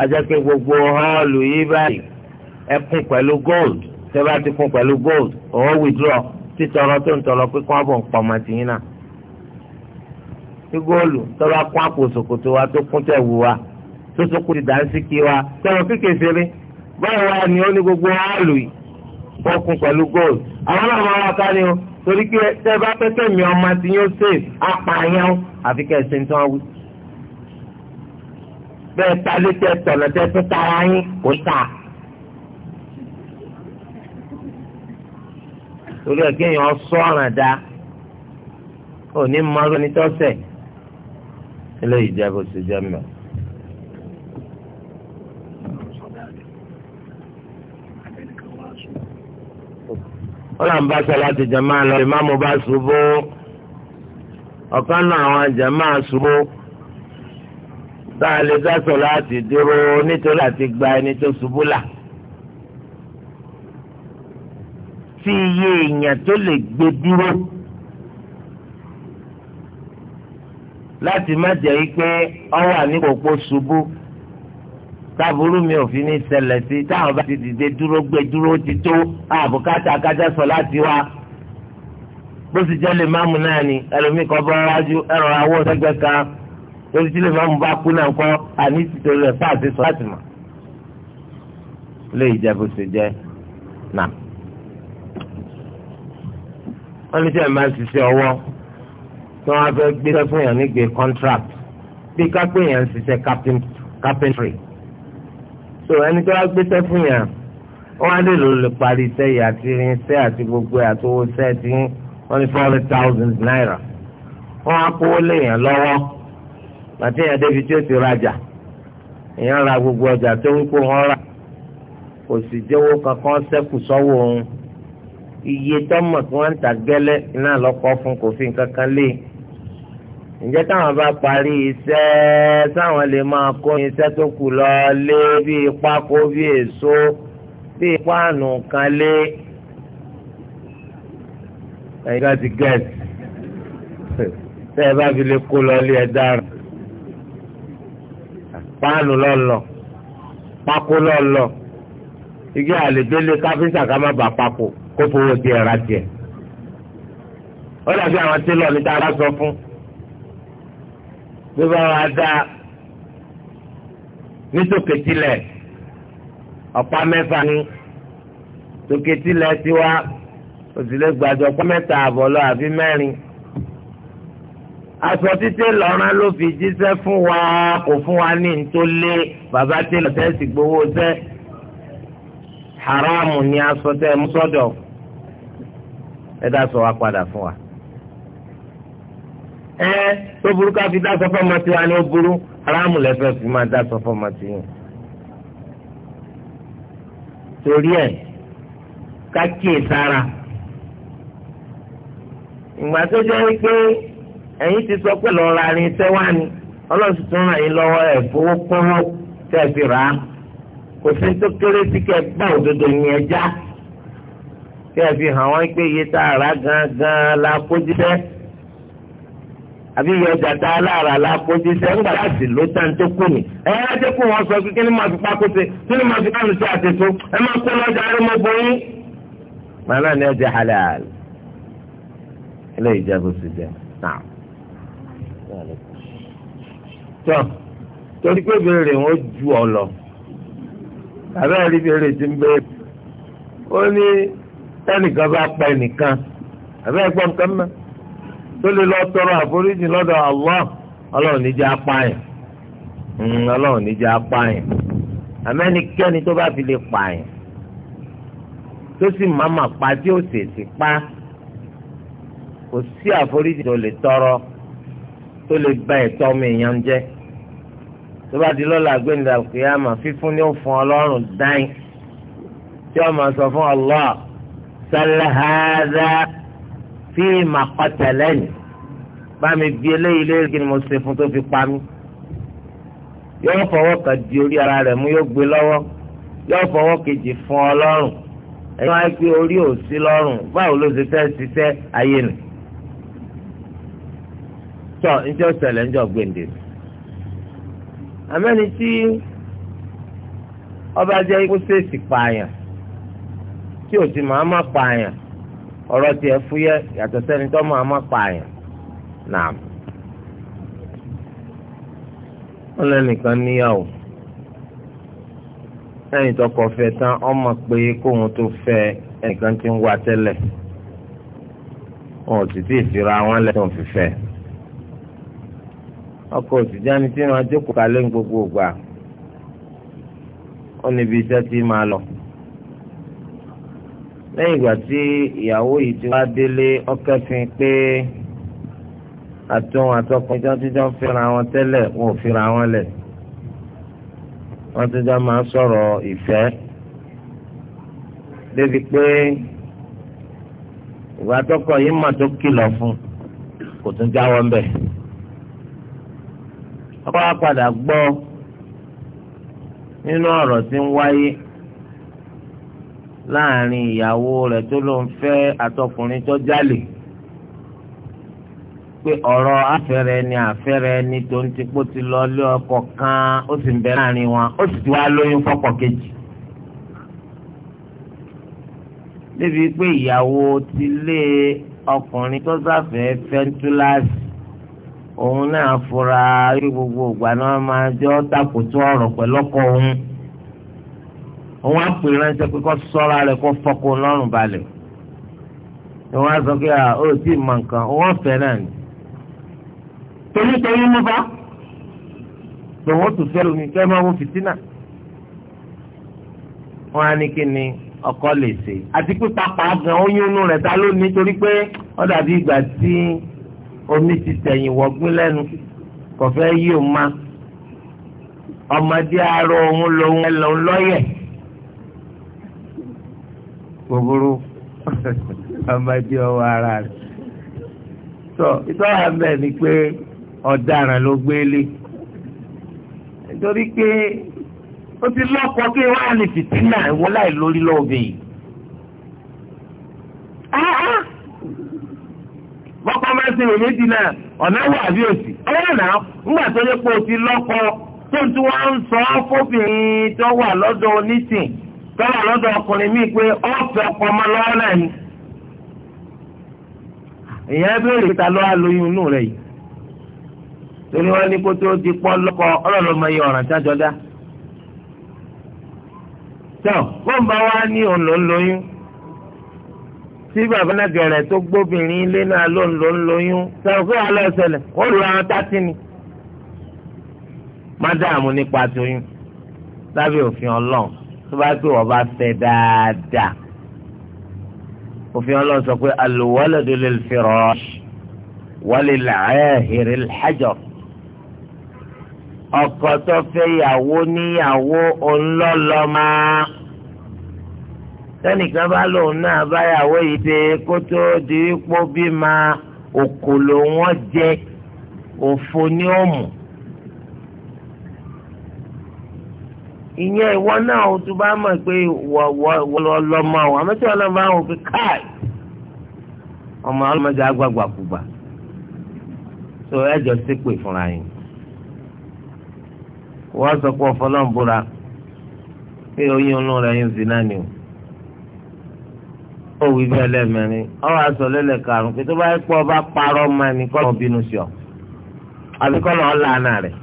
ajẹ́pẹ́ gbogbo họ́ọ̀lù yìí báyìí ẹ pẹ̀lú gold tẹ́ bá ti kún pẹ̀lú gold òun withdraw títọrọ tó ń tọrọ pé kí wọ́n bọ̀ ń pa ọmọ tìyín náà tí góòlù tọ́ba kún àpò ṣòkòtò wa tó kún tẹ̀ wù wa tó tó kún ti dáńsí kí wa tẹ̀wọ̀n kékeré ṣeré báwo wa ni ó ní gbogbo áàlù yìí kọkùn pẹ̀lú góòlù àwọn náà máa wá ká ni o torí pé tẹ́ bá pẹ́kẹ́ mi ọmọ ti yóò ṣe apààyàn àfi kẹ́ ẹ ṣe ń tán wí. bẹ́ẹ̀ ta ló tẹ tọ̀nà tẹ tó tara yín kò tà. torí ẹ̀ kéèyàn sọ ọ̀ràn dá òní mọ́rọ́ ni tọ́sẹ̀ eléyìí jẹ́ bó ṣe jẹ́ mẹ́. ọlọ́run bá sọ láti jàmá lọ ìmáàmù bá ṣubú ọ̀kan náà àwọn jàmá ṣubú tá a lè dá láti dúró nítorí àti gba ẹni tó ṣubú là. tí iye èèyàn tó lè gbé dúró. láti má jẹ́ pé ọwọ́ àníkòpó ṣubú táburú mi ò fi ní ṣẹlẹ̀ sí táwọn bá ti dìde dúró gbé dúró ti tó àbùkátà akájá sọ láti wá bó sì jẹ́ lè máàmù náà ni ẹlòmíì kan bọ́ wájú ẹ̀rọ awọ́ sẹ́gbẹ́ kan lórí tí lè máàmù bá kú náà kọ́ àní tìtorí rẹ̀ fáàsì sọ láti mọ̀ lè jẹ́ bó ṣe jẹ́ náà wọ́n ní sẹ́yìn máa ń ṣiṣẹ́ ọwọ́ tí wọ́n fẹ́ gbéṣẹ́ fún yàn nígbè contract bí kápẹ́ yàn ń ṣiṣẹ́ carpentry so ẹni tó wá gbéṣẹ́ fún yàn wọ́n á lè lò lè parí iṣẹ́ yìí àti irinṣẹ́ àti gbogbo àtòwò iṣẹ́ tí wọ́n ní four hundred thousand naira wọ́n á kówó lé yàn lọ́wọ́ àti yàn débi tí ó ti rajà èèyàn ra gbogbo ọjà tó ń kó wọn rà kò sì jẹ́wọ́ kankan sẹ́kù sọ́wọ́ òun iye tọ́mọ̀ tí wọ́n ń ta gẹ́lẹ́ iná lọ́kọ́ fún kò fi nǹkan kan lé e ǹjẹ́ táwọn bá parí iṣẹ́ sáwọn lè máa kó iṣẹ́ tó kù lọ lé bíi pákó bíi èso bíi páànù kan lé ẹ̀yin láti gẹ̀ẹ́sì (laughs) tẹ́ ẹ bá fi lè kó lọ lé ẹ dára páànù lọ́lọ́ pákó lọ́lọ́ igi àlèdélé káfíńsà ká má bà papò kó fowó tiẹ̀ ra tiẹ̀ ó dàbí àwọn tí lọ́ọ̀ni tá sọ fún bí bá wàá dá ní tòkètìlẹ̀ ọ̀pá mẹ́fà ní tòkètìlẹ̀ tiwa òsìlẹ̀ gbàdọ̀ ọ̀pá mẹ́ta àbọ̀ lọ àbí mẹ́rin aṣọ títí lọ́rán ló fi jíṣẹ́ fún wa kò fún wa ní ntólé bàbá tí lọ́tẹ́ sì gbowó sẹ́ haramu ni aṣọ tẹ́ mú sọ́dọ̀ ẹ dá sọ wa padà fún wa. ẹ tó burú ká fi dá sọ tí wa ni ó burú aráàmù lẹfẹ fi máa dá sọ tí yẹn. torí ẹ ká kíyè sára ìgbà tó jẹ́ wípé ẹ̀yin ti sọ pé lọ́ọ́ ra irin iṣẹ́ ọlọ́sùn tún ràn yín lọ́wọ́ ẹ̀ fowó pọ́nrọ́ fi kò sí tó kéré sí kẹ́ ẹ gbà òdodo yẹn já ẹ fi hàn wọ́n pé iye tá a rà gangan la kó àbí yọ jàdá alára lápò ṣiṣẹ́ ńgbà láti ló tán tó kù ní. ẹ ẹ jẹ́ kó wọ́n sọ pé kí ni màá fi pákó ṣe kí ni màá fi kánú ṣe àtẹ̀tọ́ ẹ máa kó lọ́jà rí mo bóyí. màánà ni ọjà halal eléyìí jẹ́ bó ṣe jẹ́ náà. tó torí pé béèrè wọn ju ọ lọ àbẹ́ rí béèrè ti ń béèrè ó ní ẹnìkan bá pa ẹnìkan àbẹ́ ẹgbọ́n kan tó lè lọ tọrọ àforíjì lọ́dọ̀ Allah ọlọ́run níjẹ́ apáyàn hmm, ọlọ́run níjẹ́ apáyàn amẹ́nikẹ́ni tó bá fi lè pààyàn tó sì máma pa tí ó sì sì pa kò sí àforíjì tó lè tọrọ tó lè ba ẹ̀tọ́ ọmọ èèyàn jẹ́ tó bá di lọ́la gbẹ̀ndà kìyàmà fífún ní òfun ọlọ́run dáin tí wọ́n sọ fún Allah sálẹ̀ hàdá fi mà kọtẹlẹni bá mi bi eléyìí léyìí kí ni mo ṣe fún tó fi pa mí yóò fọwọ́ kan di orí ara rẹ̀ mú yóò gbé lọ́wọ́ yóò fọwọ́ kejì fún ọ lọ́rùn ẹ̀yin wáyé pé orí ò sí lọ́rùn báwo ló ṣe fẹ́ ṣiṣẹ́ ayé nù. tọ́ njẹ́ ọ̀sẹ̀lẹ̀ njẹ́ ọ̀gbẹ̀ǹdè mi. tí ọba jẹ́ ikú ṣèèṣì pààyàn tí ò ti má pààyàn ọ̀rọ̀ tiẹ̀ fúyẹ́ yàtọ̀ sẹ́ni tó mọ̀ àmọ́ pààyàn náà. wọ́n lẹ́nìkan níyàwó lẹ́yìn tọkọ fẹ́ tán ọmọ pé kóun tó fẹ́ ẹnìkan ti ń wá tẹ́lẹ̀ wọn ò sì tí ì fira wọn lẹ́tọ̀ fífẹ́ ọkọ òsìjáni tí wọn á jókòó kalẹ̀ ń gbogbo ògbà ó níbi iṣẹ́ tí máa lọ lẹ́yìn ìgbà tí ìyàwó yìí ti wá délé ọkẹ́fin pé àtún àtọkùnrin tó ti jọ ń fira wọn tẹ́lẹ̀ wọn ò fira wọn lẹ̀ wọ́n ti jọ máa ń sọ̀rọ̀ ìfẹ́ débi pé ìwà àtọkọ yìí mà tó kìlọ̀ fún kò tún jáwọ́ ń bẹ̀. ọkọ wa padà gbọ́ nínú ọ̀rọ̀ tí ń wáyé láàrin ìyàwó rẹ̀ tó ló ń fẹ́ àtọkùnrin tó jálè pé ọ̀rọ̀ afẹ́rẹ́ ni afẹ́rẹ́ ni tó ń ti kó ti lọ lé ọkọ kan ó sì ń bẹ láàrin wọn ó sì ti wá lóyún fọ́kọ kejì. débi pé ìyàwó ti lé ọkùnrin tó sáfẹ́ fẹ́ńtúláàsì òun náà fura rí gbogbo ìgbà náà máa jọ takòtò ọ̀rọ̀ pẹ̀lọ́kọ òun òun á pè ránṣẹ́ pé kó sọ́ra rẹ̀ kó fọkọ lọ́rùn balẹ̀ ni wọ́n á sọ pé à ó tí ì mọ nǹkan òun ọ̀fẹ́ náà ni torí torí mú bá lòun ó tún fẹ́ lómi kẹ́ máa wo fìtínà wọ́n á ní kí ni ọkọ lè ṣe àti pé pápá gan oyún inú rẹ̀ ta ló ní torí pé ó dàbí ìgbà tí omi ti tẹ̀yìn wọ́gbìn lẹ́nu kò fẹ́ yí òun má ọmọdé arọ òun lòun ẹ lòun lọ́yẹ̀. kò burú ọmọdé ọwọ́ ara rẹ̀ tọ́ ìtọ́wà bẹ́ẹ̀ ni pé ọ̀daràn ló gbélé nítorí pé ó ti lọ́kọ̀ọ́ pé wọ́n á lè fìtínà ìwọ láì lórí lọ́ọ̀bì yìí. bọ́kọ́ máa ń ṣe náà ọ̀nà wà àbí pọ̀ ti lọ́kọ̀ọ́ tó ń tún sọ fóbìnrin tó wà lọ́dọ̀ onísìn tọ́lá lọ́dọ̀ ọkùnrin míì pé ọ̀fẹ́ ọkọ ọmọ lọ́wọ́ náà ni. béèrè inú yìí. torí wọn ní kó tó ti pọ́ lọ́kọ ọlọ́lọ́mọ ọ̀ràn wa tí bàbá náà gẹ̀rẹ̀ tó gbóbìnrin alẹ́ ọ̀sẹ̀lẹ̀ ó àwọn tátí ni. tó bá gbé wọn bá fẹ́ dáadáa òfin ọlọ́run sọ pé al-waladu lil-firash wa lil-'ahiri al-hajar ọkọ tó fẹ́ yàwó níyàwó ńlọ́lọ́mà tẹnìkan bá lòun náà báyàwó yìí dé kó tó di ipò bímọ òkò lòun jẹ òfò ní òmù. ìyẹn ìwọ náà o tún bá mọ̀ pé wọlọmọ o àmọ́ tí bá wọn káì ọmọ ọlọ́mọdé agbàgbà kùgbà tó ẹjọ́ ṣépè fúnra yín wọ́n sọ pé ọ̀fọlọ́ǹbúra pé oyún inú rẹ̀ yín sí náà o ó wí bẹ́ẹ̀ lẹ́ẹ̀mẹ́rin ọ̀rọ̀ aṣọ lẹ́lẹ̀ pé tó bá pọ̀ bá parọ́ mọ́ ẹni kọ́ sí ọ àbíkọ́ lánàá rẹ̀.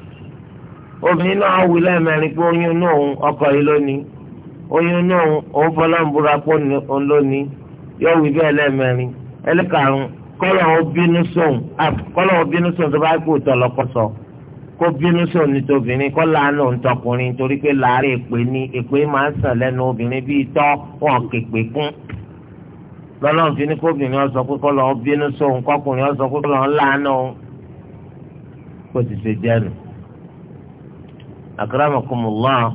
obìnrin náà wí lẹ́ẹ̀mẹ́rin pé oyún náà ọkọ yìí lónìí oyún náà òun fọlọ́nbúra pọ̀ lónìí yóò wí bẹ́ẹ̀ lẹ́ẹ̀mẹ́rin ẹlẹ́karùn kọ́lọ̀ ó bínú sóun kọ́lọ̀ ó bínú sóun tó bá kú ìtọ̀ lọ́kọ̀sọ kó bínú sóun ní tobìnrin kọ́ láàánú ntọkùnrin torí pé láàárẹ̀ èpè ni èpè máa ń sàn lẹ́nu obìnrin bíi tọ́ wọn képe kún lọ́lọ́run fi ní kó akramakumullah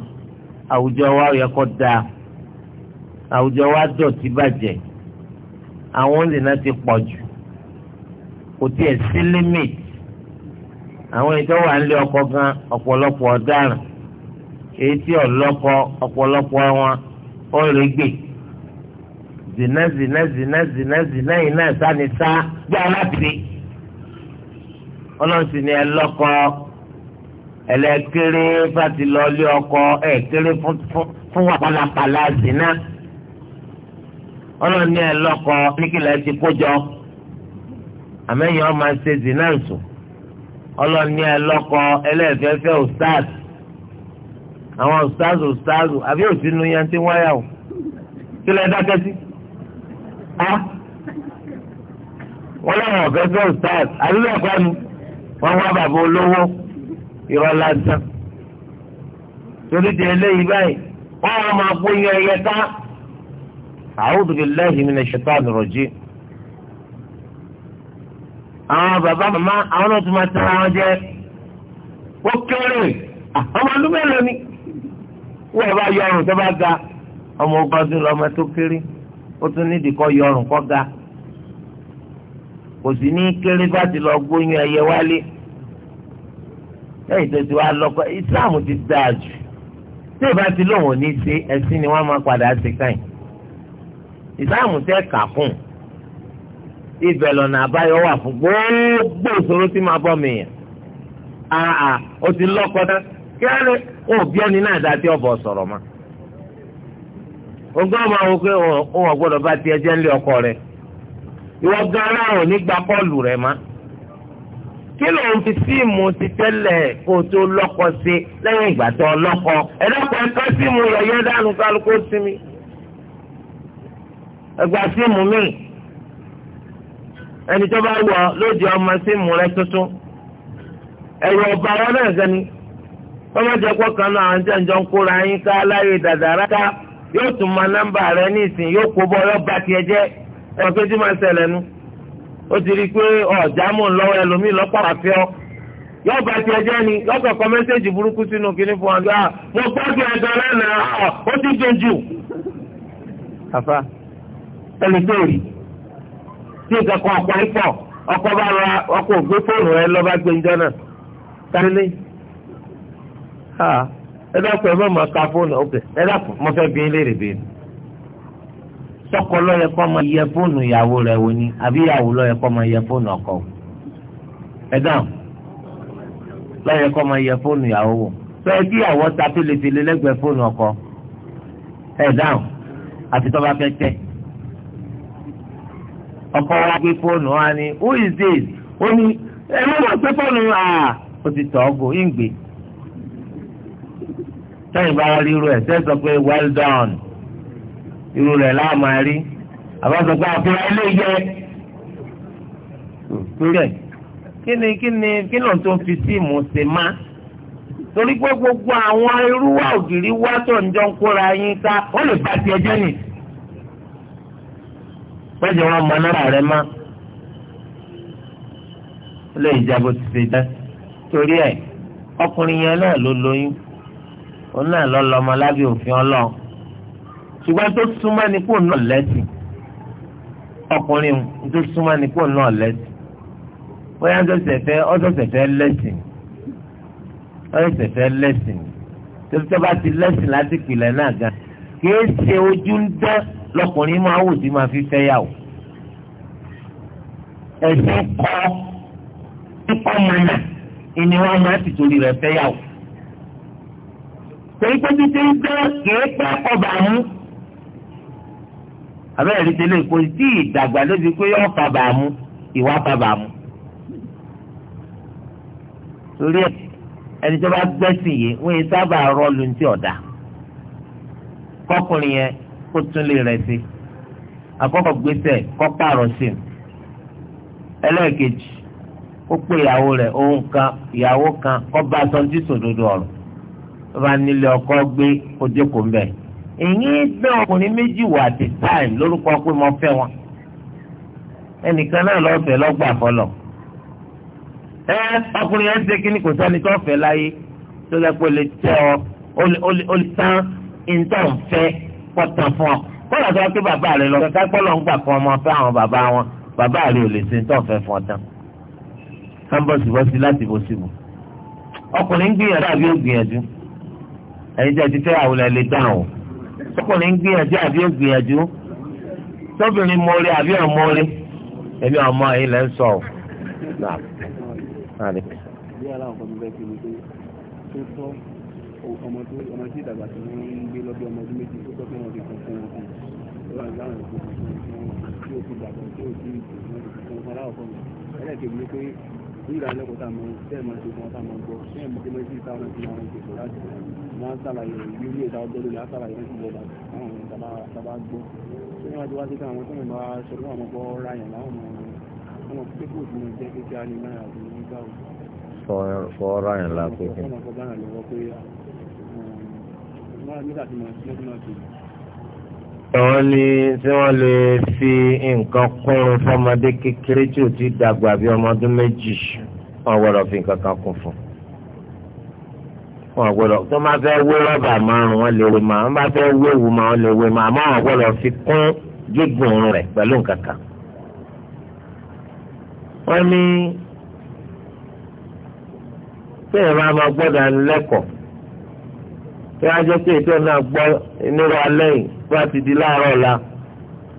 àwùjọ wa yẹ kó dáa àwùjọ wa dọ̀tí bàjẹ́ àwọn olè náà ti pọ̀ jù kò tiẹ̀ sí limit àwọn ìjọ wà nílé ọkọ gan ọ̀pọ̀lọpọ̀ ọ̀daràn èyí tí ọ̀lọ́kọ ọ̀pọ̀lọpọ̀ wọn ọ̀rẹ́gbẹ̀ zina zina zina zina zina yìí náà sani sá gbé aláàbí ọlọ́sìn ni ẹ lọ́kọ ẹlẹ́kẹ́rẹ́ bá ti lọ lé ọkọ ẹ̀kẹ́rẹ́ fún wa pàlàpàlà zina ọlọ́ni ẹ̀ lọ́kọ níkìlẹ̀ ti kójọ àmẹ́yìn ọmọ ṣe zina nsọ ọlọ́ni ẹ̀ lọ́kọ ẹlẹ́fẹ́fẹ́ ustaz àwọn ustaz ustaz àbí òsínú yẹn ti wáyà o kí lẹ́ dákẹ́ sí wọ́n láwọn ọ̀fẹ́ fẹ́ ustaz àbí bẹ́ẹ̀ kọ́ ni wọ́n wá bàbá olówó. irọ́ lásán torí di eléyìí báyìí wọ́n á máa gbóyún ẹyẹ ká àwọn bàbá màmá àwọn náà tún máa tẹ jẹ ó kéré ọmọ ọdún wọ́n bá yọrùn tó bá ga ọmọ ogun ọdún lọ́mọ tó kéré ó tún nídìí kọ́ yọrùn kọ́ ga kò sí ní kéré lẹ́yìn tó ti wá islam ti dáa jù tí ìbá ti lóun ò ní ṣe ẹ̀sìn ni wọ́n máa padà káyìn islam tẹ́ kà kún ibẹ̀ lọ́nà àbáyọ wà fún gbogbo ìṣòro tí máa bọ́ mi àà o ti lọ́kọ dá kí á bí ẹni náà dá tí ọ̀bọ̀ sọ̀rọ̀ ma ogún ọmọ àwọn bá ọkọ kí ló ń fi síìmù ti tẹ́lẹ̀ kó tó lọ́kọ sí lẹ́yìn ìgbà tó lọ́kọ ẹ̀dọ́kọ̀ ẹ̀kọ́ síìmù yọ̀yẹ́ dànù kálukú sí mi ẹgbà síìmù mi ẹni tó bá wọ lóde ọmọ síìmù rẹ tuntun ẹ̀rọ ọba wọn náà kan náà àwọn jẹ́njọ́ ń kóra yín ká láyé yóò tún nọ́mbà rẹ ní ìsìn yóò kó bọ́ ó ti rí i pé ọ̀já lọ́wọ́ ẹlòmíì ọ yóò bá ni lọ́kọ̀ kọ mẹ́sẹ́jì burúkú sínú kínní fún wa mo gbọ́dọ̀ ẹ̀dọ̀ lẹ́nàá ó ti dùn àfa ẹni tó rí tí nǹkan kan ọ̀pọ̀ ń pọ̀ ọkọ̀ bá ra ọkọ̀ ògbé fóònù rẹ lọ́ba gbé ń jọ́nà ẹ dákun ẹ máa ka fóònù ẹ dákun sọ́kọ lọ́yẹ kọ́ máa yẹ fóònù ìyàwó rẹ̀ wò ni àbí ìyàwó lọ́yẹ kọ́ máa yẹ fóònù ọkọ wò ẹ dáhùn lọ́yẹ kọ́ máa yẹ fóònù ìyàwó wò sọ́yẹ kí ìyàwó ta pélétélé lẹ́gbẹ̀ẹ́ fóònù ọkọ ẹ dáhùn àfi tọ́ bá fẹ́ tẹ́ ọkọ wa gbé fóònù wa ni who is this ó ní ẹ má wọ́n gbé fóònù à ó ti tọ́ ọgò ń gbé sẹ́yìn bá rí irú ẹ̀ sẹ́ sọ pé well done irú rẹ̀ láàmú àárí àbáṣọpá àfúrá ilé yẹ hmm, torí ẹ kí ni kí ni kí lóun tó fi síìmù sí má torí pé gbogbo àwọn irú wa ògiri wá tó ń jọ ń kóra yín ká ó lè bá tiẹ̀ jẹ́ nì. pẹ́jọ wọn mọ náírà rẹ má ó lè jábọ̀ ti ṣe dá torí ẹ ọkùnrin yẹn náà ló lóyún òun náà lọ lọ́mọ lábẹ́ òfin Ọlọ́run ṣùgbọ́n tó súnmọ́ ni kò náà lẹ́sìn ọkùnrin tó súnmọ́ ni kò náà lẹ́sìn bóyá ọ̀sẹ̀fẹ́ ọ̀sẹ̀fẹ́ lẹ́sìn ọ̀sẹ̀fẹ́ lẹ́sìn tó tó bá ti lẹ́sìn láti pìlẹ̀ náà gan kìí ṣe ojú ń dán lọkùnrin máa wò sí máa fi fẹ́ yà wò ẹ̀sìn kọ́ kíkọ́ mọ́nà ìní wọn máa ti torí rẹ̀ fẹ́ yà wò torí pé títí ń dán kìí pẹ́ ọba mú abẹ́rẹ́ rí tẹ́lẹ̀ kò tí ì dàgbà débi pé yọ bàbà mu ìwà bàbà mu. torí ẹ ẹni tó bá gbẹ́sìn yìí wọ́n yìí sábà rọ́ọ̀lù ti ọ̀dà kọkùnrin yẹn kó tún lè rẹ̀ sí àkọ́kọ́ gbèsè kọ́ pààrọ̀ sí i ẹlẹ́ẹ̀kejì ó pé ìyàwó rẹ̀ òun kan ìyàwó kan kọ́ bá aṣọ tí sòdodo ọ̀rọ̀ tó bá nílé ọkọ gbé kó jókòó mbẹ́ẹ̀ èyí gbé ọkùnrin méjì wà at time lórúkọ pé mo fẹ́ wọn ẹnìkan náà lọ́fẹ̀ẹ́ lọ́gbà fọlọ̀ ẹ ọkùnrin yẹn ṣe kíni kò sẹ́ni tó fẹ́ láyé tó lẹ́ pé o lè tẹ́ ọ o lè tán ìtọ̀nfẹ́ pọ̀tàn fún ọ kọ́lá tó wá pé bàbá rẹ lọ kẹ́kẹ́ pọ́ lọ ń gbà fún ọmọ fẹ́ àwọn bàbá wọn bàbá rẹ ò lè ṣe ìtọ̀nfẹ́ fún ọ tán ká ń bọ̀ sí bọ́sí láti bọ́ sí bù ọkùnrin gbìyànjú àbí ó gbìyànjú ẹ̀yin tẹ́ ti fẹ́ àwọn ẹ̀ lè dáhùn tọkùnrin ń gbìyànjú àbí ó gbìyànjú tọbìnrin mọ́rí àbí ọ̀mọ́rí ẹ̀mí ọmọ yìí lẹ́ ń sọ ọ́ náà. bí aláwọ̀ kan bẹ́ẹ̀ kí ni pé tó tọ́ ọmọ tó ọmọ tí ìdàgbà tí wọ́n ṣe máa ń ṣàlàyé ìlú ilé ìdáwọ́ gbọ́dọ̀ ní àṣàlàyé ní ìjọba àwọn ohun tàbá tàbá gbọ́ tí wọ́n ti wá sí káwọn tó ń bá aṣọ tó wà mọ́ bọ́ ráyàn láwọn ọmọ pé kò sí ní jẹ́ pé kí a lè náírà àti nígbà wo. fọ ráyàn la pé kí. ọmọ kan bára lọ́wọ́ pé nígbà tí wọ́n ti wọ́n ní tí wọ́n lè fi nǹkan kún fọmọdé kékeré tí ò ti dàgbà bí ọmọ ọdún méjì wọ́n gbọ́dọ̀ fi nǹkan kan kún fún un wọn gbọ́dọ̀ tó máa fẹ́ wé rọ́bà márùn wọn lè wé ma wọn bá fẹ́ wé ewu ma wọn lè wé ma àmọ́ wọn gbọ́dọ̀ fi kún gígùn rẹ̀ pẹ̀lú nǹkan kan. wọ́n ní tí èèyàn bá máa gbọ́dọ̀ lẹ́kọ̀ọ́ tí wọ́n á jẹ́ pé ètò náà gbọ́ nírọ̀ alẹ́ yìí tó a ti di láàárọ̀ ọ̀la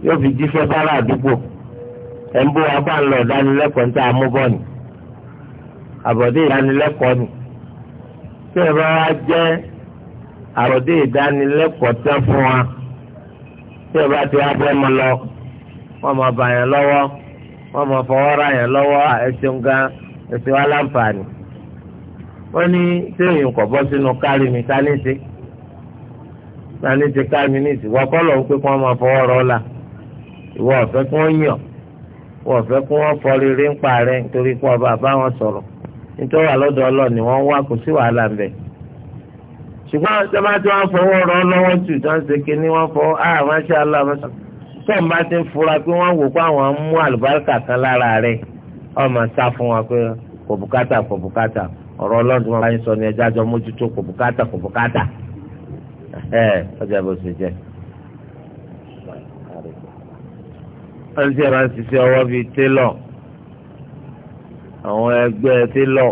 yóò fi jíṣẹ́ bára àdúgbò ẹ̀ ń bó wa ìdánilẹ́kọ̀ọ́ ní tá a mú bọ́ ni àbọ̀dé ìdánilẹ́kọ̀ọ́ ni tẹ́ ẹ bá wá jẹ́ àròdé ìdánilẹ́kọ̀ọ́ tẹ́ fún wa tẹ́ ẹ bá ti wá bẹ́ mọ lọ wọ́n mọ bà yẹn lọ́wọ́ wọ́n mọ fọwọ́ ra yẹn lọ́wọ́ ẹ̀sìn gan ẹ̀sìn wa láǹfààní. wọ́n ní téèyàn kọ̀ bọ́ sínú kárí mi ta ní ṣe ta ní ṣe kárí mi ní ìsìnkú ọkọ lọ́wọ́ pé kí wọ́n mọ fọwọ́ rọ́ la ìwọ ọ̀fẹ́ kí wọ́n yàn ìwọ ọ̀fẹ́ kí wọ́n fọ rere ń pa rẹ nítorí pé ọba àbáwọn sọ̀rọ̀ nítorí àlọ́dọ̀ ọlọ́ọ̀ ni wọ́n wá kò sí wàhálà ń bẹ̀. ṣùgbọ́n sábà tí wọ́n fọwọ́ rọ lọ́wọ́ jù tó ń ṣe kínní wọ́n fọ ah masha Allah masha tó ń bá ti ń fura pé wọ́n wò pé àwọn mú àlùbáríkà kan lára rẹ̀ ọmọ sá fún wọn pé kò bùkátà kò bùkátà ọ̀rọ̀ ọlọ́run tí wọ́n bá ń sọ ní ẹja jọ mójútó kò bùkátà kò bùkátà ẹ̀ ọjà bó ṣiṣẹ́ ọwọ́ bíi télọ̀ àwọn ẹgbẹ́ télọ̀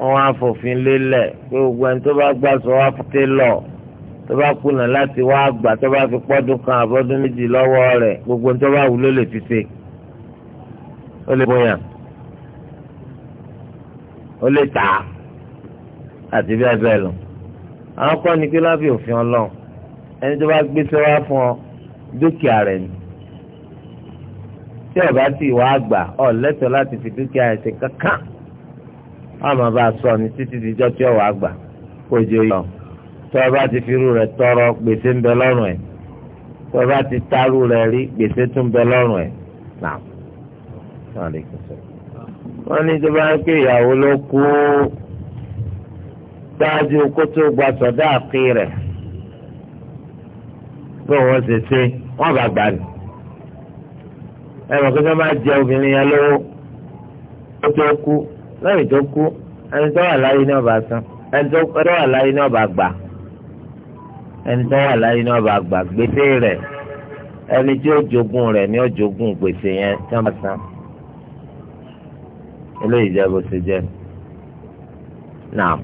wọ́n á fòfin lélẹ̀ pé gbogbo ẹni tó bá gbà sọ wá fún télọ̀ tó bá kùnà láti wá àgbà tó bá fi pọ́dún kan àbọ́dún méjì lọ́wọ́ rẹ̀ gbogbo ẹni tó bá wù ló lè fi ṣe ó lè bóyá ó lè tà á àti bẹ́ẹ̀ bẹ́ẹ̀ lọ. àwọn kọ́ni pé lábẹ́ òfin ọlọ́run ẹni tó bá gbé sọ wá fún ọ dúkìá rẹ̀ ni tí ọba ti wà gbà ọ lẹ́tọ̀ọ́ láti fi dúkìá ẹsẹ kankan àmọ́ bá a sọ ní títí dijọ́ tí ọwà àgbà kò jẹ yọ tí ọba ti firú rẹ̀ tọrọ gbèsè ń bẹ lọ́rùn tí ọba ti tarú rẹ̀ rí gbèsè tún bẹ lọ́rùn ẹ̀ náà wọ́n ní tó ń pè ìyàwó ló kú dájú kó tó gba ẹ mọ̀ pé kí wọ́n máa jẹ obìnrin yẹn lọ́wọ́ ó tó kú lẹ́yìn tó kú ẹni tó wà láyé náà bá san ẹni tó wà láyé náà bá gbà ẹni tó wà láyé náà bá gbà gbèsè rẹ̀ ẹni tí ó jogún rẹ̀ ni ó jogún gbèsè yẹn tí wọ́n bá san eléyìí jẹ́ bó ṣe jẹ́ naam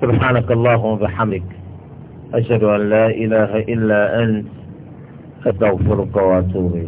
subhanaka allahumma wa bihamdik ashhadu an la ilaha illa ant astaghfiruka wa